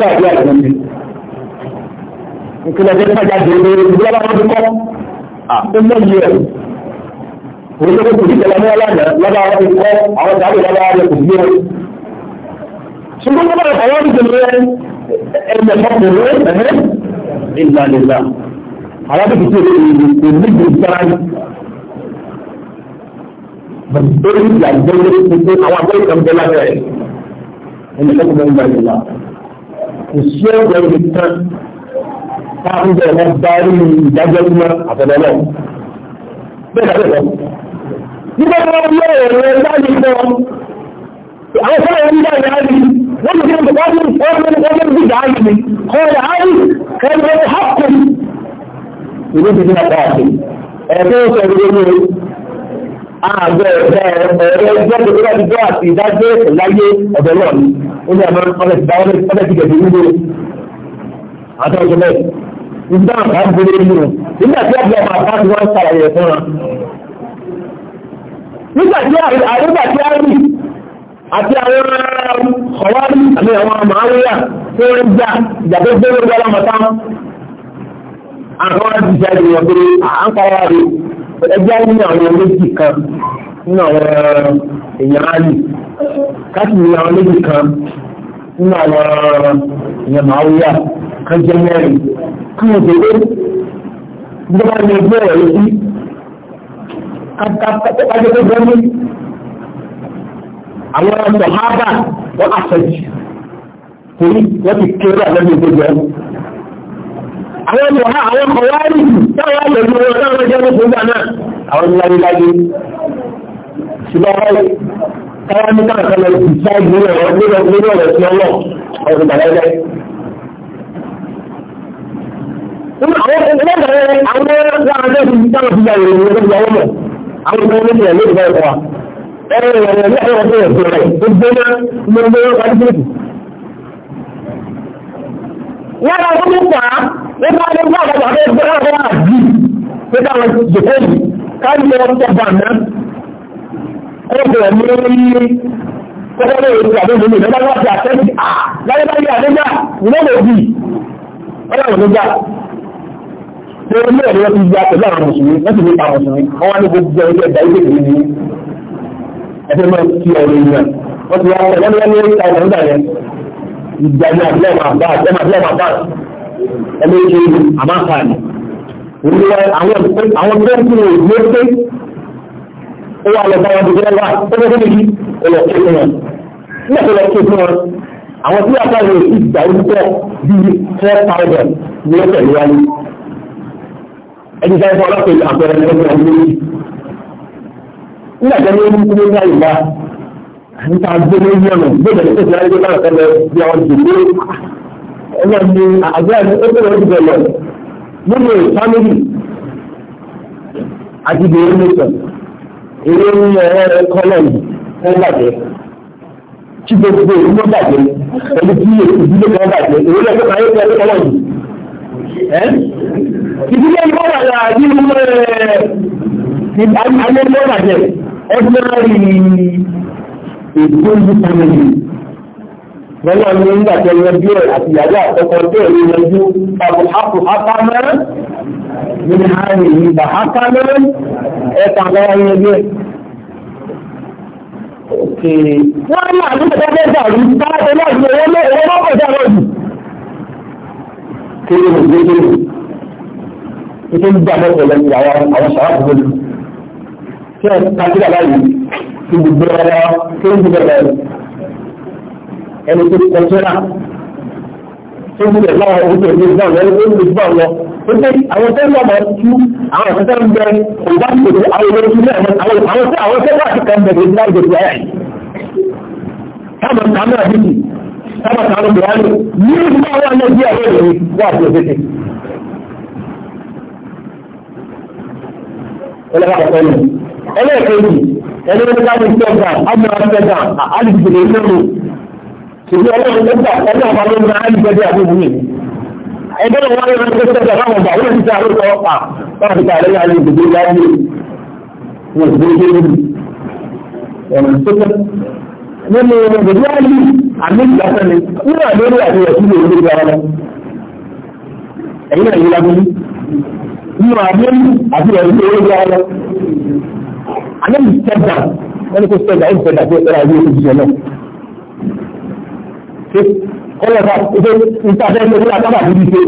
àdé àdé nìyẹn ìkìlọ̀ olùkọ́ kò ní tẹ̀lé ọmọ lánàá lọ́ba àwọn ti kọ́ àwọn tàbí lọ́ba àwọn kò gbé wọn. ṣùgbọ́n tó bá yẹ àwọn ìdè lé ẹgbẹ́ ọkùnrin ẹ̀hẹ́ ìlà nìlà alábìkì tó lè kò ní ju sáárì. bẹ̀rẹ̀ ní ìjà gbẹ́lẹ́ gbogbo àwọn abẹ́rẹ́ kan bẹ́ẹ̀ lábẹ́ rẹ̀ ẹ̀mẹ́kọ́ kò gbẹ́ngbà nìlà. kò sí ẹgbẹ́ rẹ̀ tán táwọn bẹ̀rẹ̀ bá rí ìdájọ́ nígbà tó wọ́n yọ ọ̀rọ̀ ẹgbẹ́ ní ìgbọ́ àwọn fún àwọn nígbà ìyá rí wọ́n ti fi wọ́n ní wọ́n ní wọ́n ní ìgbà rí mi ọ̀rọ̀ àárí kẹrin ọ̀rọ̀ hapun ìlú ti fi ọ̀pá àti ẹ̀ẹ́dẹ́ ìṣẹ̀lẹ̀ ní àgbẹ̀ ẹ̀ẹ́dẹ́ ẹ̀ẹ́dẹ́ ìjọba ìjọ àti ìdájọ́ láyé ọ̀dọ́ náà ni ó ní àmọ́ ọ̀rẹ́ ti dáwọ́ ọ̀rẹ́ ti gẹ̀dẹ̀ nílé àtọ́jọ́ mẹ́rin ìgbà àbá ń borí nínú nígbà tí ọ̀pọ̀ àbá ti wọ́n ń sàlàyé fún wa nígbàtí àrígbàtí àrí àti àwọn ọ̀wárí àti àwọn àmàáríyà tó ń gbà ìjàdó gbóró gbọ́lámọ́ta àwọn àjíṣẹ́ ìwọ̀n pé à ń pàwà rí ẹgbẹ́ ní àwọn méjì kan nínú àwọn èèyàn àrí káàkiri ní àwọn méjì kan nínú àwọn èèyàn màáríyà kan jẹ́ mẹ́rin kí wọ́n tẹ̀lé gbọ́dọ̀ ní ẹgbẹ́ ọ̀rẹ́ sí kájọ́pọ̀ gbọ́mí àwọn ọ̀sọ̀ hábà wọ́n àṣẹjì torí wọ́n ti kéré àlẹ́bí ìgbẹ́jọ́ àwọn ọmọ ha àwọn ọkọ̀ wá rí jù táwọn àlẹ́ ìlú wọn náà wọ́n jẹ́ ní gbogbo náà àwọn ìlàyé láyé ṣùgbọ́n wọ́n káwọn ní káwọn kan lọ sí ṣáàjú rẹ̀ lórí ọ̀rọ̀ sí ọlọ́ ọ̀sùn bàlẹ́lẹ́ àwọn ọmọ àwọn ọmọ àwọn ọmọ àwọn ọmọ oníṣẹ́ ló ń bá ọkọ̀ wa. ẹ̀rọ ìrọ̀lẹ́ ní àwọn ọmọ ìṣòro rẹ̀ tó gbóná gbogbo ọdún lára ọdún tó pa ó bá ní bá ọ̀gá ọ̀gá ẹgbẹ́ ọ̀gá àjí pé káwọn jòkó yìí káyọ̀ ọ̀gá bàná ọ̀gá ní kọ́kọ́ lè rí àdéhùn mi lọ́wọ́ láti àtẹ́sí à láyé báyìí àdéhùn náà ìlọ́wọ́ bíi ọlọ́run ló gbà pé ilé ẹ̀rí ti gba pẹ̀lú àwọn mùsùlùmí wọ́n sì ní pa mùsùlùmí wọ́n wá ní gbogbo ẹ̀rí ẹ̀dá ilé ìwé ni ẹ̀fẹ́ máa ti ọ̀rọ̀ ìgbà wọ́n ti wá pẹ̀lú wọn ní orí ta ọ̀rọ̀ yẹn ìgbà ní àbúlé ọmọ àbá ẹ̀mọ àbúlé ọmọ àbá ẹ̀mọ ìṣe àmáfààní. Olúwa àwọn àwọn tó ń kú ìgbé pé tó nìyí ó lọ ké tó ń tọ́ ẹni sáré fún ọlọ́pẹ̀ àpẹẹrẹ ní ọjọ́ ìlú yìí nígbà tí wọ́n ń kú ní àyíká níta gbé ní ìlú ọ̀nà gbé bẹ̀rẹ̀ tẹ̀sí láyé náà tẹ́lẹ̀ bí àwọn jùlọ ẹgbẹ́ mi àgbẹ̀ mi ó bẹ̀rẹ̀ ti bẹ̀rẹ̀ nínú fámìlì àti bèrè nìkan èrè ń yẹ ẹrẹ kọ́lọ̀mù fún bàjẹ́ tí gbogbo ìlú bàjẹ́ pẹ̀lú bí èkó ìdílé kan bàjẹ́ èrè lẹ́gbẹ̀ẹ́ kan yóò ìdílé ìwọ́n àyà ní ilé ayélujára bàjẹ́ ordinary ìgbóhùn family lọ́nà ní nígbà tó yẹ bí ẹ̀ àti ìyàwó àkọ́kọ́ tó ẹ̀ lójú pàbò hapò hápámẹ́ nínú àárín ìgbà hápámẹ́ ẹ̀ka lọ́wọ́ yẹ bí ẹ̀ Okay. Wọ́n ní àdúgbò tó fẹ́ dàrú, bá a kéde ní ìgbé kéde ètò ń dà mọ́tò lẹ́yìn àwọn àwọn sàrà tó lórí tí ẹ kàkídà láàyè tí gbogbo ọ̀rọ̀ tó ń gbogbo ọ̀rọ̀ ẹni tó kọ sọ́ra tó ń gbogbo ọ̀rọ̀ àwọn oúnjẹ ìlú ìgbà wọn ló ń lè gbà wọn ó pé àwọn tó ń lọ mọ tú àwọn ọ̀sẹ̀ ń bẹ kò bá ń tètè àwọn olórí ilé àwọn àwọn tó àwọn tó wà ti kàn bẹ̀rẹ̀ ìgbà ìgbà ìgbà yà yìí. táwọn sábà sàánù bìránì ní ìgbà wà lẹ́bí àwọn ènìyàn wà sí òfìsì. ẹlẹ́ka ọ̀pọ̀ ẹ̀mí ẹlẹ́ẹ̀kejì ẹni wọ́n ti káàdì ìjọba àmúra ìjọba àlùfẹ́ ìlú ṣùgbọ́n ọlọ́run tó gbà ọlọ́run máa ló ń ra àlùfẹ́ àbúrú mi. ẹgbẹ́ wọn wọ́n lọ́wọ́ tó tẹ̀sán láwọn ọgbà wọ́n ti ta àlọ́ sọ ọ́pà wọ́n ti ta àlẹ́yìn àlẹ́ ìdìbò láyé wọn ò gbé nínú ìdìbò àmì lásán ni nígbà lórí àti ẹ̀sùn lè lórí ara lọ. Ẹ̀yin ẹ̀yin lábúrú. Nínú àmì àti ẹ̀sùn lè lórí ara lọ. Àmì mi sẹ́gbà wọ́n ní kó sẹ́gbà ó sẹ́gbà tó ẹ̀rọ ayé òṣìṣẹ́ náà. Ṣé kọ́lọ̀ ká ṣe níta fẹ́ lórí àtàbà tó ti ṣe?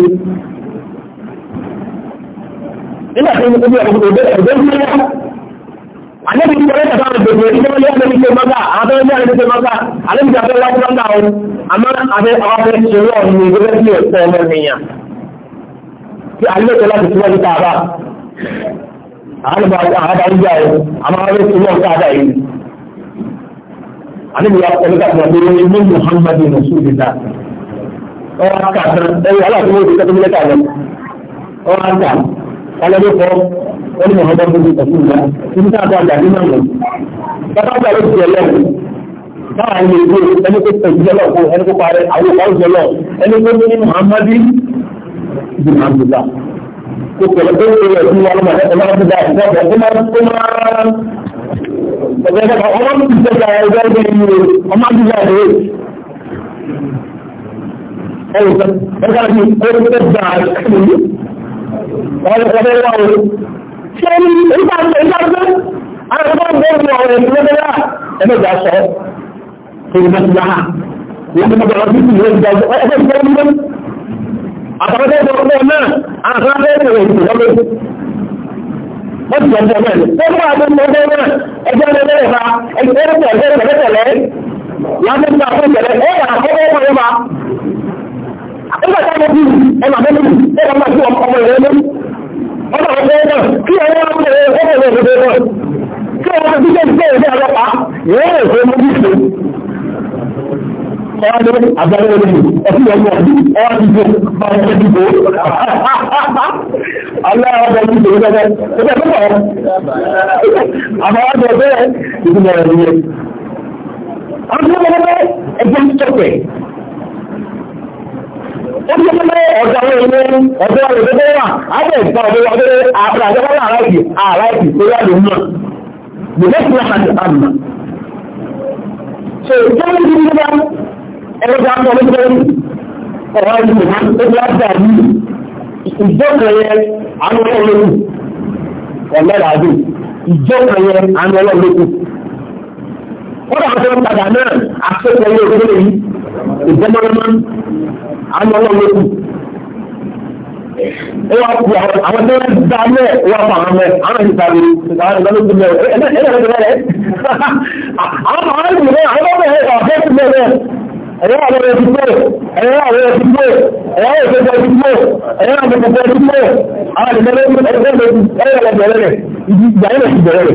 Nígbà tí ó bí ọ̀gbọ̀n ọ̀gbẹ́ ọ̀gbẹ́ alẹ́bi ti bẹ̀rẹ̀ kàtà àwọn gbèsè ìjọba ní alẹ́bi tó mọ́gà àwọn tó ń alẹ́bi tó mọ́gà alẹ́bi tó abẹ́rẹ́ wájú mọ́gà o àmọ́ abẹ́ ọ̀fẹ́ ṣòro ọ̀hún ní gẹ́gẹ́ bí ẹ̀kọ́ ọmọ ènìyàn tí alẹ́ tó láti túbọ̀ ní káàbà àwọn àbájá o àmọ́ abẹ́ túbọ̀ ní káàbà yìí alẹ́bi wà pẹ̀lú kàtà àwọn gbèsè ní Muhammadu Rasulillah ọ̀rọ̀ kàtà ẹ̀yìn aláàfin wọ́n ní Muhammad bin Kasim náà níbi tí a bá gbàdé náà lọ. Bàbá àgbà ló ti ẹlẹ́ báwa ni ìlú ẹni tó tẹ̀sí lọ́wọ́ kó ẹni tó parẹ́ àwọn ọ̀pá òṣèlú lọ ẹni tó ní Muhammad bin Abdullah. Kò tẹ̀lé tó ń tẹ̀lé ẹ̀sìn wọn lọ́mọdé ọmọ ọdún dáa ìgbà tó máa tó máa ọ̀gá ọmọ mi ti tẹ̀sí àwọn ọgbẹ́ ẹgbẹ́ yìí rẹ̀ ọmọ ọdún dáa rẹ̀. Ẹ̀rù kan ẹ̀ka ni ẹ̀rù tó dáa rẹ̀ kí ni wọ́n lọ ṣé ní nípa ṣe ń dájú àwọn ọmọ ọgbẹ́ ìwọ ọ̀rẹ́ ìlú lọ́dọ́ yá ẹgbẹ́jà sọ kí ni bẹ́ẹ̀ yára wọ́n ti bọ̀dọ̀ sí ìwé ìdájọ́ ẹgbẹ́ ìjọ ìlú àtàkọ́tẹ́ ìjọ ọgbẹ́ náà àtàkọ́tẹ́ ìjọ ìlú lọ́dọ́ wọ́n ti jẹun jẹun náà wọ́n bá àti ọmọ ọgbẹ́ náà ẹgbẹ́ ọmọ ọgbẹ́ ìfà ẹgbẹ́ ọmọ ọgbẹ́ tẹ̀lẹ́ tẹ̀lẹ́ láti gba fún tẹ̀lẹ́ ẹ̀ yà àkọ́kọ́ ọ̀dọ̀ ọ̀dọ̀ náà kí ọwọ́ ọ̀pẹ̀lẹ̀ ọ̀pẹ̀lẹ̀ ọ̀dọ̀ náà kí ọwọ́ ọ̀pẹ̀lẹ̀ ọ̀dọ̀ náà kí ọwọ́ ọ̀pẹ̀lẹ̀ ọ̀dọ̀ náà kí ọwọ́ agbára olè ọtí ọmọ ọwọ́ àdìgbò bá ọmọ ìdìbò aláwọ̀ ọmọ ìdìbò gẹ́gẹ́ gẹ́gẹ́ tó bọ̀ àmọ́ ọjọ́ bẹ́ẹ̀ ìdìbò ẹ̀yẹ. ọdún ọmọ ẹgbẹ́ ń tọ́pẹ̀ ó ti pé ọ̀dọ̀ àwọn ilé ọ̀dọ̀ òdodo wà á bẹ̀ gba òdodo ọdẹ àbúrò àjọpọ̀ àráìsì àráìsì tó yá lòun náà lòdì sí ọ̀hán ti bàmù náà. ṣe ìjọba ti ní bá ẹ̀rọ ìjà ń bọ̀ lóṣù ọ̀rọ̀ ìlú ẹgbẹ́ àgbà yìí ìjọba yẹn àwọn ọlọ́run ọ̀lẹ́ràdù ìjọba yẹn àwọn ọlọ́run kọ́dà tó ń padà náà àtúntò ilé ìwé yìí ìjẹ́mọ́lọ́mọ́ anọ́lọ́lọ́kù. ẹ wá kú àwọn tó ń da mẹ́ wá fún àwọn mẹ́ àwọn ìta lè àwọn ìta ló ti mẹ́ ẹ ẹ ẹ ẹ ẹ àwọn àwọn ìlú mẹ́ àwọn ọmọ ẹ ọ̀fẹ́ ti mẹ́ mẹ́ ẹ̀yọ́ àwọn ẹ̀ ti gbé ẹ̀yọ́ àwọn ẹ̀ ti gbé ẹ̀yọ́ àwọn ẹ̀ ti gbé ẹ̀yọ́ àwọn ẹ̀ ti gbé àwọn ìgbẹ́lẹ́ ẹ̀yọ́ ẹ̀yọ́ ẹ̀yọ́ ẹ̀yọ́ ìgbà yẹn ti bẹ̀rẹ̀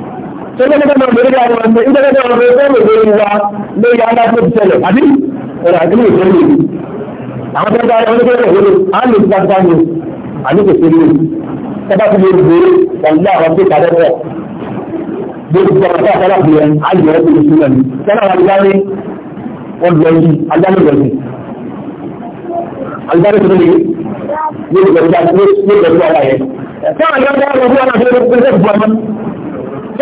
tẹ́lẹ̀kẹ́ta máa bèèrè àwọn ọmọ ìdẹ́gbẹ́ta ọmọ ìfẹ́mù lórí wa lórí aláàbò tẹ́lẹ̀ àbí ọ̀rọ̀ àdúgbò ìfẹ́mù yìí àwọn tẹ́lẹ̀ àwọn oníkẹ́lẹ̀ lórí àánú pátápá ni àníkò sí lórí tẹ́lá ti lè bèèrè ọ̀lá àwọn tó padà bọ̀ gbogbo àwọn tó àtàlà bìrẹ̀ àyẹ̀wò tó lè sílẹ̀ ní tẹ́lá àwọn agbárí wọn lọ yìí agbárí lọ yìí agbárí tó lè yé ìgbẹ̀rù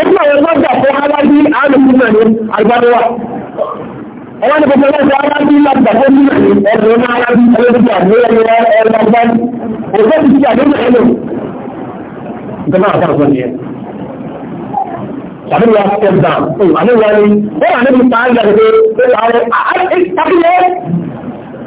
nínú àwọn lọ́gbà tó alábí alùpùpù ní àgbàdọ́wà ọwọ́ ní gbogbo ọlọ́gbà alábí lọ́gbà tó ní ẹ̀rọ ní alábí ẹlẹ́gbà ní ẹ̀rọ ẹlọ́gbà òkú ti ti àdéhùn ẹ̀lò ìjọba àtàkùn ni ẹ̀ tàbí wà step down àdéhùn wa ni wọ́n wà níbi pàálí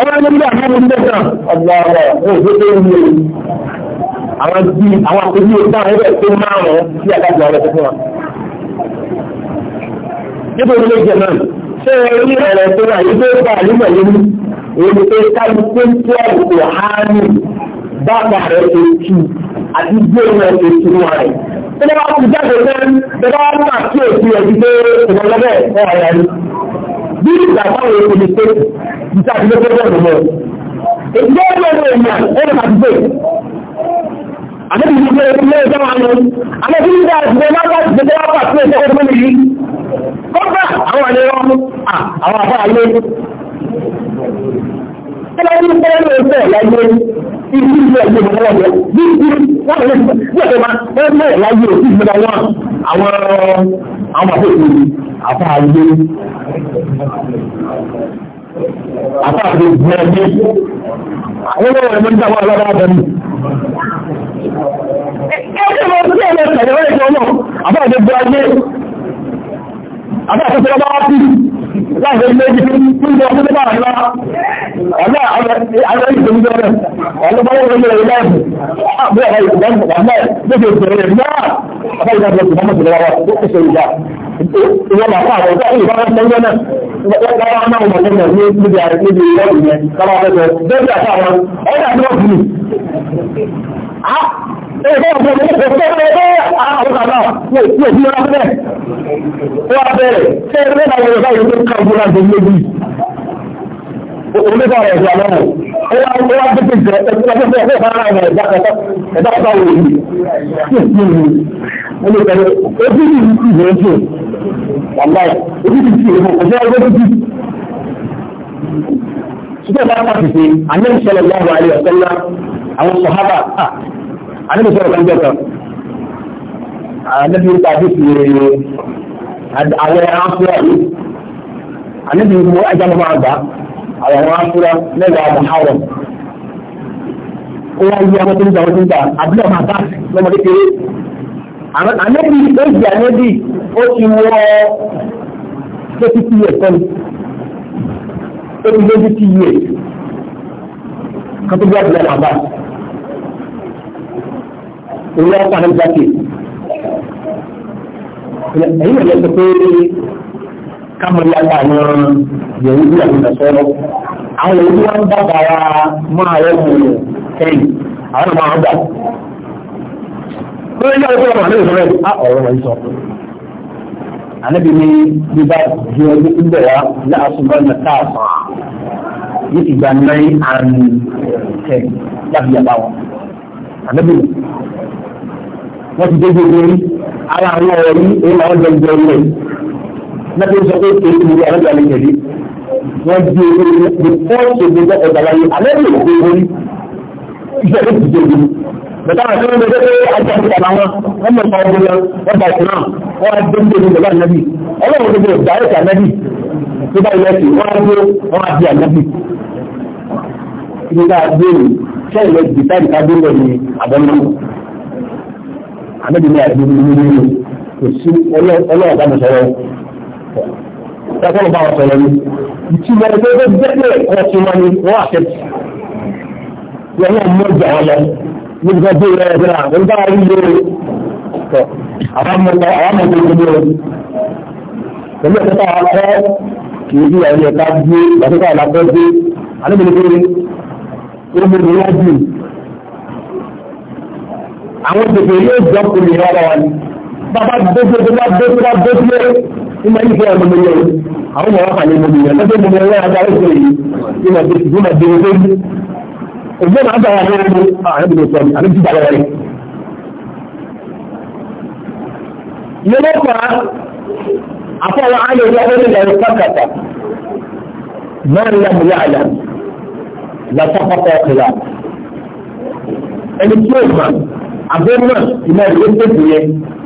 ọmọ ẹgbẹ́ àfihàn mẹ́ta ọgbà ọ̀rọ̀ òṣèlú tó ń lè àwọn bí àwọn akójú ìgbà ẹgbẹ́ tó márùn-ún sí àgbàjọ ọ̀rọ̀ tó fún wa. níbo ilé jẹ náà ṣé orí ẹ̀rọ tó wà yìí tó bá àlúmọ̀ yìí ní èyí tó kájú tó ń tó àbùkù hánì bàbá rẹ̀ tó tù àti gbé rẹ̀ tó tù wọn rẹ̀. tó bá wà kú jáde náà bẹ́ẹ̀ bá wà kí òkú ẹ̀ bí ìgbà táwọn èèyàn lè pé ìta àti lókè bẹ́ẹ̀ lọ. Èdè ọ̀rọ̀ ẹ̀rọ èèyàn ẹ̀rọ máa ti gbé. Àbẹ́bí ti gbé ẹgbẹ́ ilé ẹjọ́ wa lọ. Àbẹ́bí ti gbé ẹgbẹ́ lápá ti gbé lápá sí ẹjọ́ ọdún mẹ́lẹ̀ yìí. Kọ́ńtà àwọn àlejò àwọn àbá àlejò tọ́lájú tọ́lájú ẹgbẹ́ ọ̀láyé ìlú ìlú ẹgbẹ́ ìmọ̀lá rẹ̀ bí i wọ́n lè bí ọ̀dọ́ máa wọ́n mọ̀ ọ̀láyé òkú ìgbéra wọn àwọn àwọn àfẹ́kù àfa àgbé àfa àgbé gbẹ̀ẹ́gbẹ́ àwọn ọmọ ẹ̀mọ́ nígbà wọn alára bẹ̀rù. ẹgbẹ́ ìmọ̀ ọdún ẹ̀rọ ìtàgé wọn ẹ̀jọ̀ náà àbẹ́ àkọsílẹ̀ bá wá sí láti ilé ibi tí ń bọ̀ ọdún tó bá wà nílá ọ̀nà àwọn ìṣẹ́ ní bẹ̀rẹ̀ ọ̀nà bá wọ́n lè lọ́wọ́ àbẹ́ àwọn ìṣẹ́ ní bẹ̀rẹ̀ lókè ìṣẹ̀rẹ̀ náà ọ̀pá ìgbà tó ti mọ́ sí lọ́wọ́ tó kù sí ìjà ìwọ́n máa fà àwọn ìgbà ìgbà wọn sọ yẹn náà wọ́n máa mọ̀ lọ́wọ́ ní níbi níbi ìwọ́n yẹn káwọn akẹ́kọ̀ọ́ bẹ́ẹ̀ àtàwọn ọ̀dà tí wọ́n fi Ẹgbẹ́ ọ̀gbọ̀n ní ọ̀gbọ̀n tó rẹ̀ ṣé ẹgbẹ́ náà wọ́n yọ̀bá yìí tó ká ojú láti lébi olùkọ́ rẹ̀ ìgbà lọ́wọ́ ó wá ó wá tètè jẹ ẹgbẹ́ tó fẹ́ fẹ́ ara rẹ̀ ẹ̀dá kẹta ẹ̀dá kẹta wò yìí ó lè tẹ̀lé ojú yìí ti yẹ̀ jù wàlá ojú yìí ti yẹ̀ jù ojú ọjọ́ tó ti ṣùgbọ́n bá pàṣẹ àmì ìṣẹ̀lẹ̀ lọ́wọ́ àlẹ́ ọ̀sẹ́lá àwọn sọ̀hábà àmì ìṣẹ̀lẹ̀ kan jẹ́ kan àmì ìṣẹ̀lẹ̀ kan jẹ́ kan àwọn ẹran afúra yìí àníbi ìmú ẹja ló máa gbà àwọn ẹran afúra lẹ́yìn àwọn àrọ̀ ó wá yí ọmọ tó ń gbà wọ́n tó ń gbà àbúrò máa bá lọ́mọ kékeré àníbi èjì àníbi ó ti wọ twenty two years tẹ́lẹ̀ ó ti twenty two years kátó bí wọ́n ti lọ́mọ àbá òun yà ó èyí lè sọ pé kámọ̀lì àgbà àwọn yòówù bí àwọn ìdásọ́rọ̀ àwọn yòówù wọn dábàá máa rẹ̀ mú kẹ́yìn àwọn ọmọ àgbà lórí ilé ọgbọ́n ọmọ àlejò rẹ̀ á ọ̀rọ̀ wọn sọ ànábi ní bíbá ju ọdún tó bẹ̀rẹ̀ láàṣùgbọ́n ní káàfà ní ìgbà nine and ten láti yàgbá wọn ànábi wọ́n ti dé gbogbo rí ara àwọn ọ̀rọ̀ yìí èyí máa ń dọ̀gbọ̀ rẹ̀ lọ́tí ó sọ pé èyí ti di àlejò àlejò rí wọ́n di owó rí the first of the day of our year alẹ́ yóò gbé owó rí iṣẹ́ tó ti dé gbogbo bàtà àti wọn lọ pé ajá ti kàlà wọn wọn mọ ọmọ ọmọ wọn bá ìsìn náà wọn á dé níbi ìjọba ànábì ọlọ́run tó bẹ dàrẹ́tì ànábì tó bá ilẹ̀ sí wọn á dúró wọn àbẹ́bí ní àìbí ní ní ní kò sí ọlọ́ọ̀bá mi sọ̀rọ̀ ọlọ́ọ̀bá mi sọ̀rọ̀ ni ìtumọ̀ ẹgbẹ́ tó bẹ́ẹ̀ kọ́ sí wọn ni wọ́n àṣẹ tì wọn náà mú ìjà wọn lọ níbi kan bóyá ẹgbẹ́ náà wọn bá rí lóore tọ àwọn ọmọ ìgbẹ́ lóore pẹ̀lú ẹ̀kọ́ tá a kọ́ kì í bí àwọn ẹ̀ka gbé ìgbà tó ká àwọn bèbè yóò jọ kò lè rọrọ wọn bàbá dókè tó bá dókè bá dókè ní ma ìfẹ́ ọmọ mi yẹ àwọn ọmọ wàhálà ìmọ̀ mi yẹ lọ́jọ́ mi yẹ wọ́n adarí sọ yìí ní ma bèbè ní ma bèbè tó yìí òjò máa bá wà ní ọmọ ah, àwọn ìbùdó sọ mi àbí ti bàbá rẹ. àbẹ́mọ̀ ìmọ̀ ìwé tètè yẹ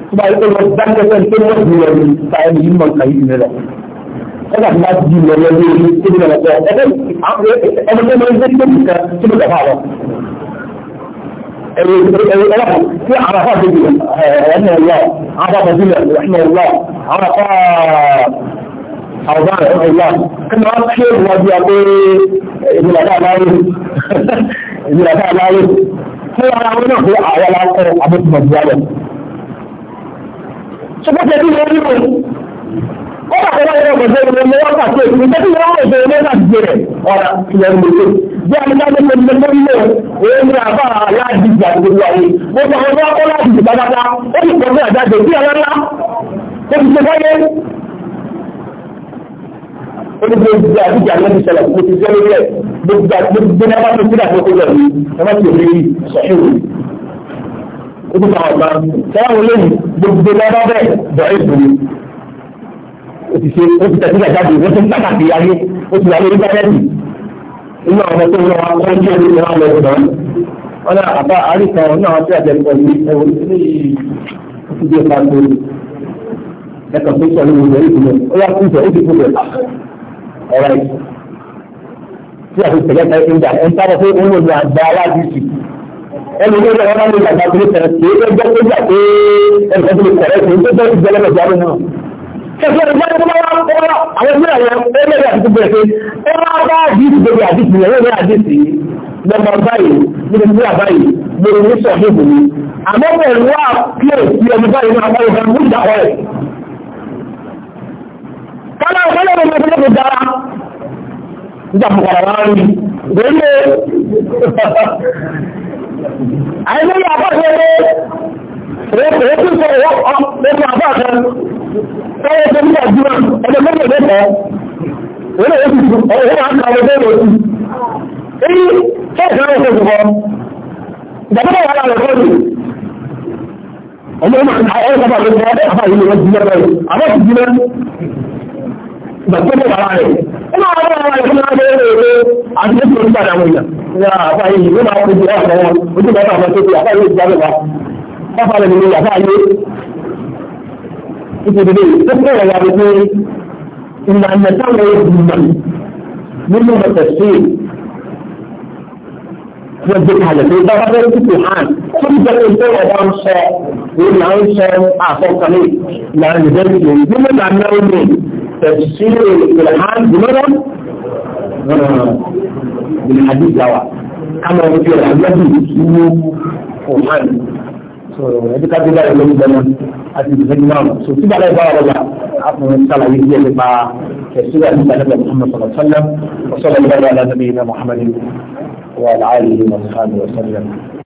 tó bá yẹ kó lọ dákẹ́sẹ̀ tó wọ́n ti rẹ̀ ní táyẹ̀ yìí mọ̀ nǹkan yìí nílẹ̀ ẹgbà tí wọ́n di ìlọ lọ́wọ́ orí tó bí lọ́wọ́ ẹgbẹ́ ọmọ tó máa ń gbé tó nìkan tó bí kàfà lọ. ẹ̀rọ ẹ̀rọ ẹ̀rọ tí àwọn afá tó bìí ẹ̀rọ ẹ̀rọ àwọn afá tó bìí ẹ̀rọ àwọn afá àwọn ẹ̀rọ ẹ̀rọ kí wọ́n ṣe ìwádìí àpé ìmìlàkà aláwọ̀ ìmìlàkà aláwọ̀ fún ara wọn náà pé àwọn aláǹkọ́ abẹ́tùmọ̀ ìyá rẹ̀. ṣùgbọ́n tẹ̀lé ìwé orí mi ó bá tẹ̀lé ìwé ọ̀gbọ̀n tẹ̀lé ìwé wọn kà sí èyí tẹ̀lé ìwé ọ̀gbọ̀n tẹ̀lé ìwé náà ti rẹ̀ ọ̀rọ̀ ìyá mi lè bí a ní ká lóko ní lóko nílò òun ní àbá aláàdì ìgbà gbogbo ayé gbogbo àwọn ní gbogbo àdúgbò àlẹ́bí sọ̀rọ̀ mo ti jẹ́ lórí ẹ̀ gbogbo náà bá tó sílẹ̀ àkókò rẹ̀ ní ẹ má ti rí sọ̀hìn o ti fàwọn ọ̀gbà sọ́wọ́n olóyìn gbogbo náà bá bẹ̀ bẹ̀rẹ̀ ìṣòro o ti ṣe o ti tẹ̀sí ìjàjáde wọ́n ti ń pàtàkì ayé o ti wà lórí báyẹ̀dì inú àwọn tó ń lọ wọn wọ́n jẹ́ lórí wọn lọ sọ̀rọ̀ wọn náà àbá àríkan náà ti àjẹpọ̀ ní ẹ̀wọ̀n ní ìdíje pàtó ẹ̀kan tó sọ̀rọ̀ ìwé ìdíje ó yà kú ìfẹ́ ó ti kú bẹ̀ ọ̀rẹ́ tí a fi tẹ̀lé ká ẹ̀ńdà ẹ̀ ń sábà pé òun ló lọ àgbà aláàbí sí ẹni ní ọjọ́ ọ̀rọ̀ nígbà tó lè tẹ̀lé kí ẹ jẹ́ kójà pé ẹnì kan tó lè kọ̀rẹ́ kí ó tó ti jẹ́ lẹ́gbẹ̀ẹ́ jáde náà. Kẹ̀kẹ́ ìgbà tó bá wà kọ́ àwọn ìgbà yẹn ẹgbẹ́ àti gbogbo ẹ̀fẹ́ ẹ máa bá àdìsí gbogbo àdìsí yẹn ẹgbẹ́ àdìsí lọ́mọ báyìí níbi tí wà báyìí lórí ní sọ̀dọ̀ ìbò mi. Àmọ́ pẹ̀lú wà kí èsì ọmọ báyìí náà wáyé fún mi ìdákọ̀ rẹ̀ kọ́lá ọ̀pọ̀lọ́ ọmọ ọmọ ọmọ dára nígbà pọ̀pọ̀lọ́ wá rí lórí àìlórí àbáṣe pé rẹ́pù sọ rẹ́pù àbáṣe tọ́wọ́ tó nígbà jù ọjọ́ mẹ́rin lẹ́kọ̀ọ́ wọ́n lè fi ọwọ́ máa ń ka ọmọdé èyí fẹ́ẹ̀sì rẹ̀ ṣèṣù kọ́ ìjàpá wà lára rẹ̀ lórí ọmọ ọmọ àwọn ọmọ ọmọ ọmọ ọmọ ọmọ ọmọ ọmọ ọmọ ọmọ gbàgbọ́dọ̀ wà rẹ̀ ó máa wọ́n wà rẹ̀ fún àwọn ọmọ ẹ̀rọ àti ní ìlú ìgbàdà wọn yàn ní àbá yìí ló máa kojú wà fún wọn ojú bá bá wọn tó ti àbá yìí ìgbàdà wa bá fa lẹ́nu àbá yìí ìpèdè tó kọ́ ọ̀rọ̀ wa rẹ̀ pé ìlànà táwọn olùmọ̀ nínú ọ̀sẹ̀ sí wọ́n gbé kalẹ̀ pé bá bá fẹ́ títí hàn tó ń jẹ́ pé ọba ń sọ èyí là ń sọ àfọkànlé là ń lè bẹ́ẹ̀ tó nínú ìlànà ó تفسير الالحاد بماذا؟ بالحديث دواء كما يقول الحديث قرآن ẹbí ká gbégbá rẹ lórí gbẹmọ àti ìdìbò náà lọ sọ síbi aláìbá ọ̀rọ̀ la àfọwọn sàlàyé díẹ̀ nípa ẹsùn àti ìdàgbà muhammed sọlọ sọlọ sọlọ ìbára aláàbí iná muhammed wa aláàbí iná muhammed wa sọlọ.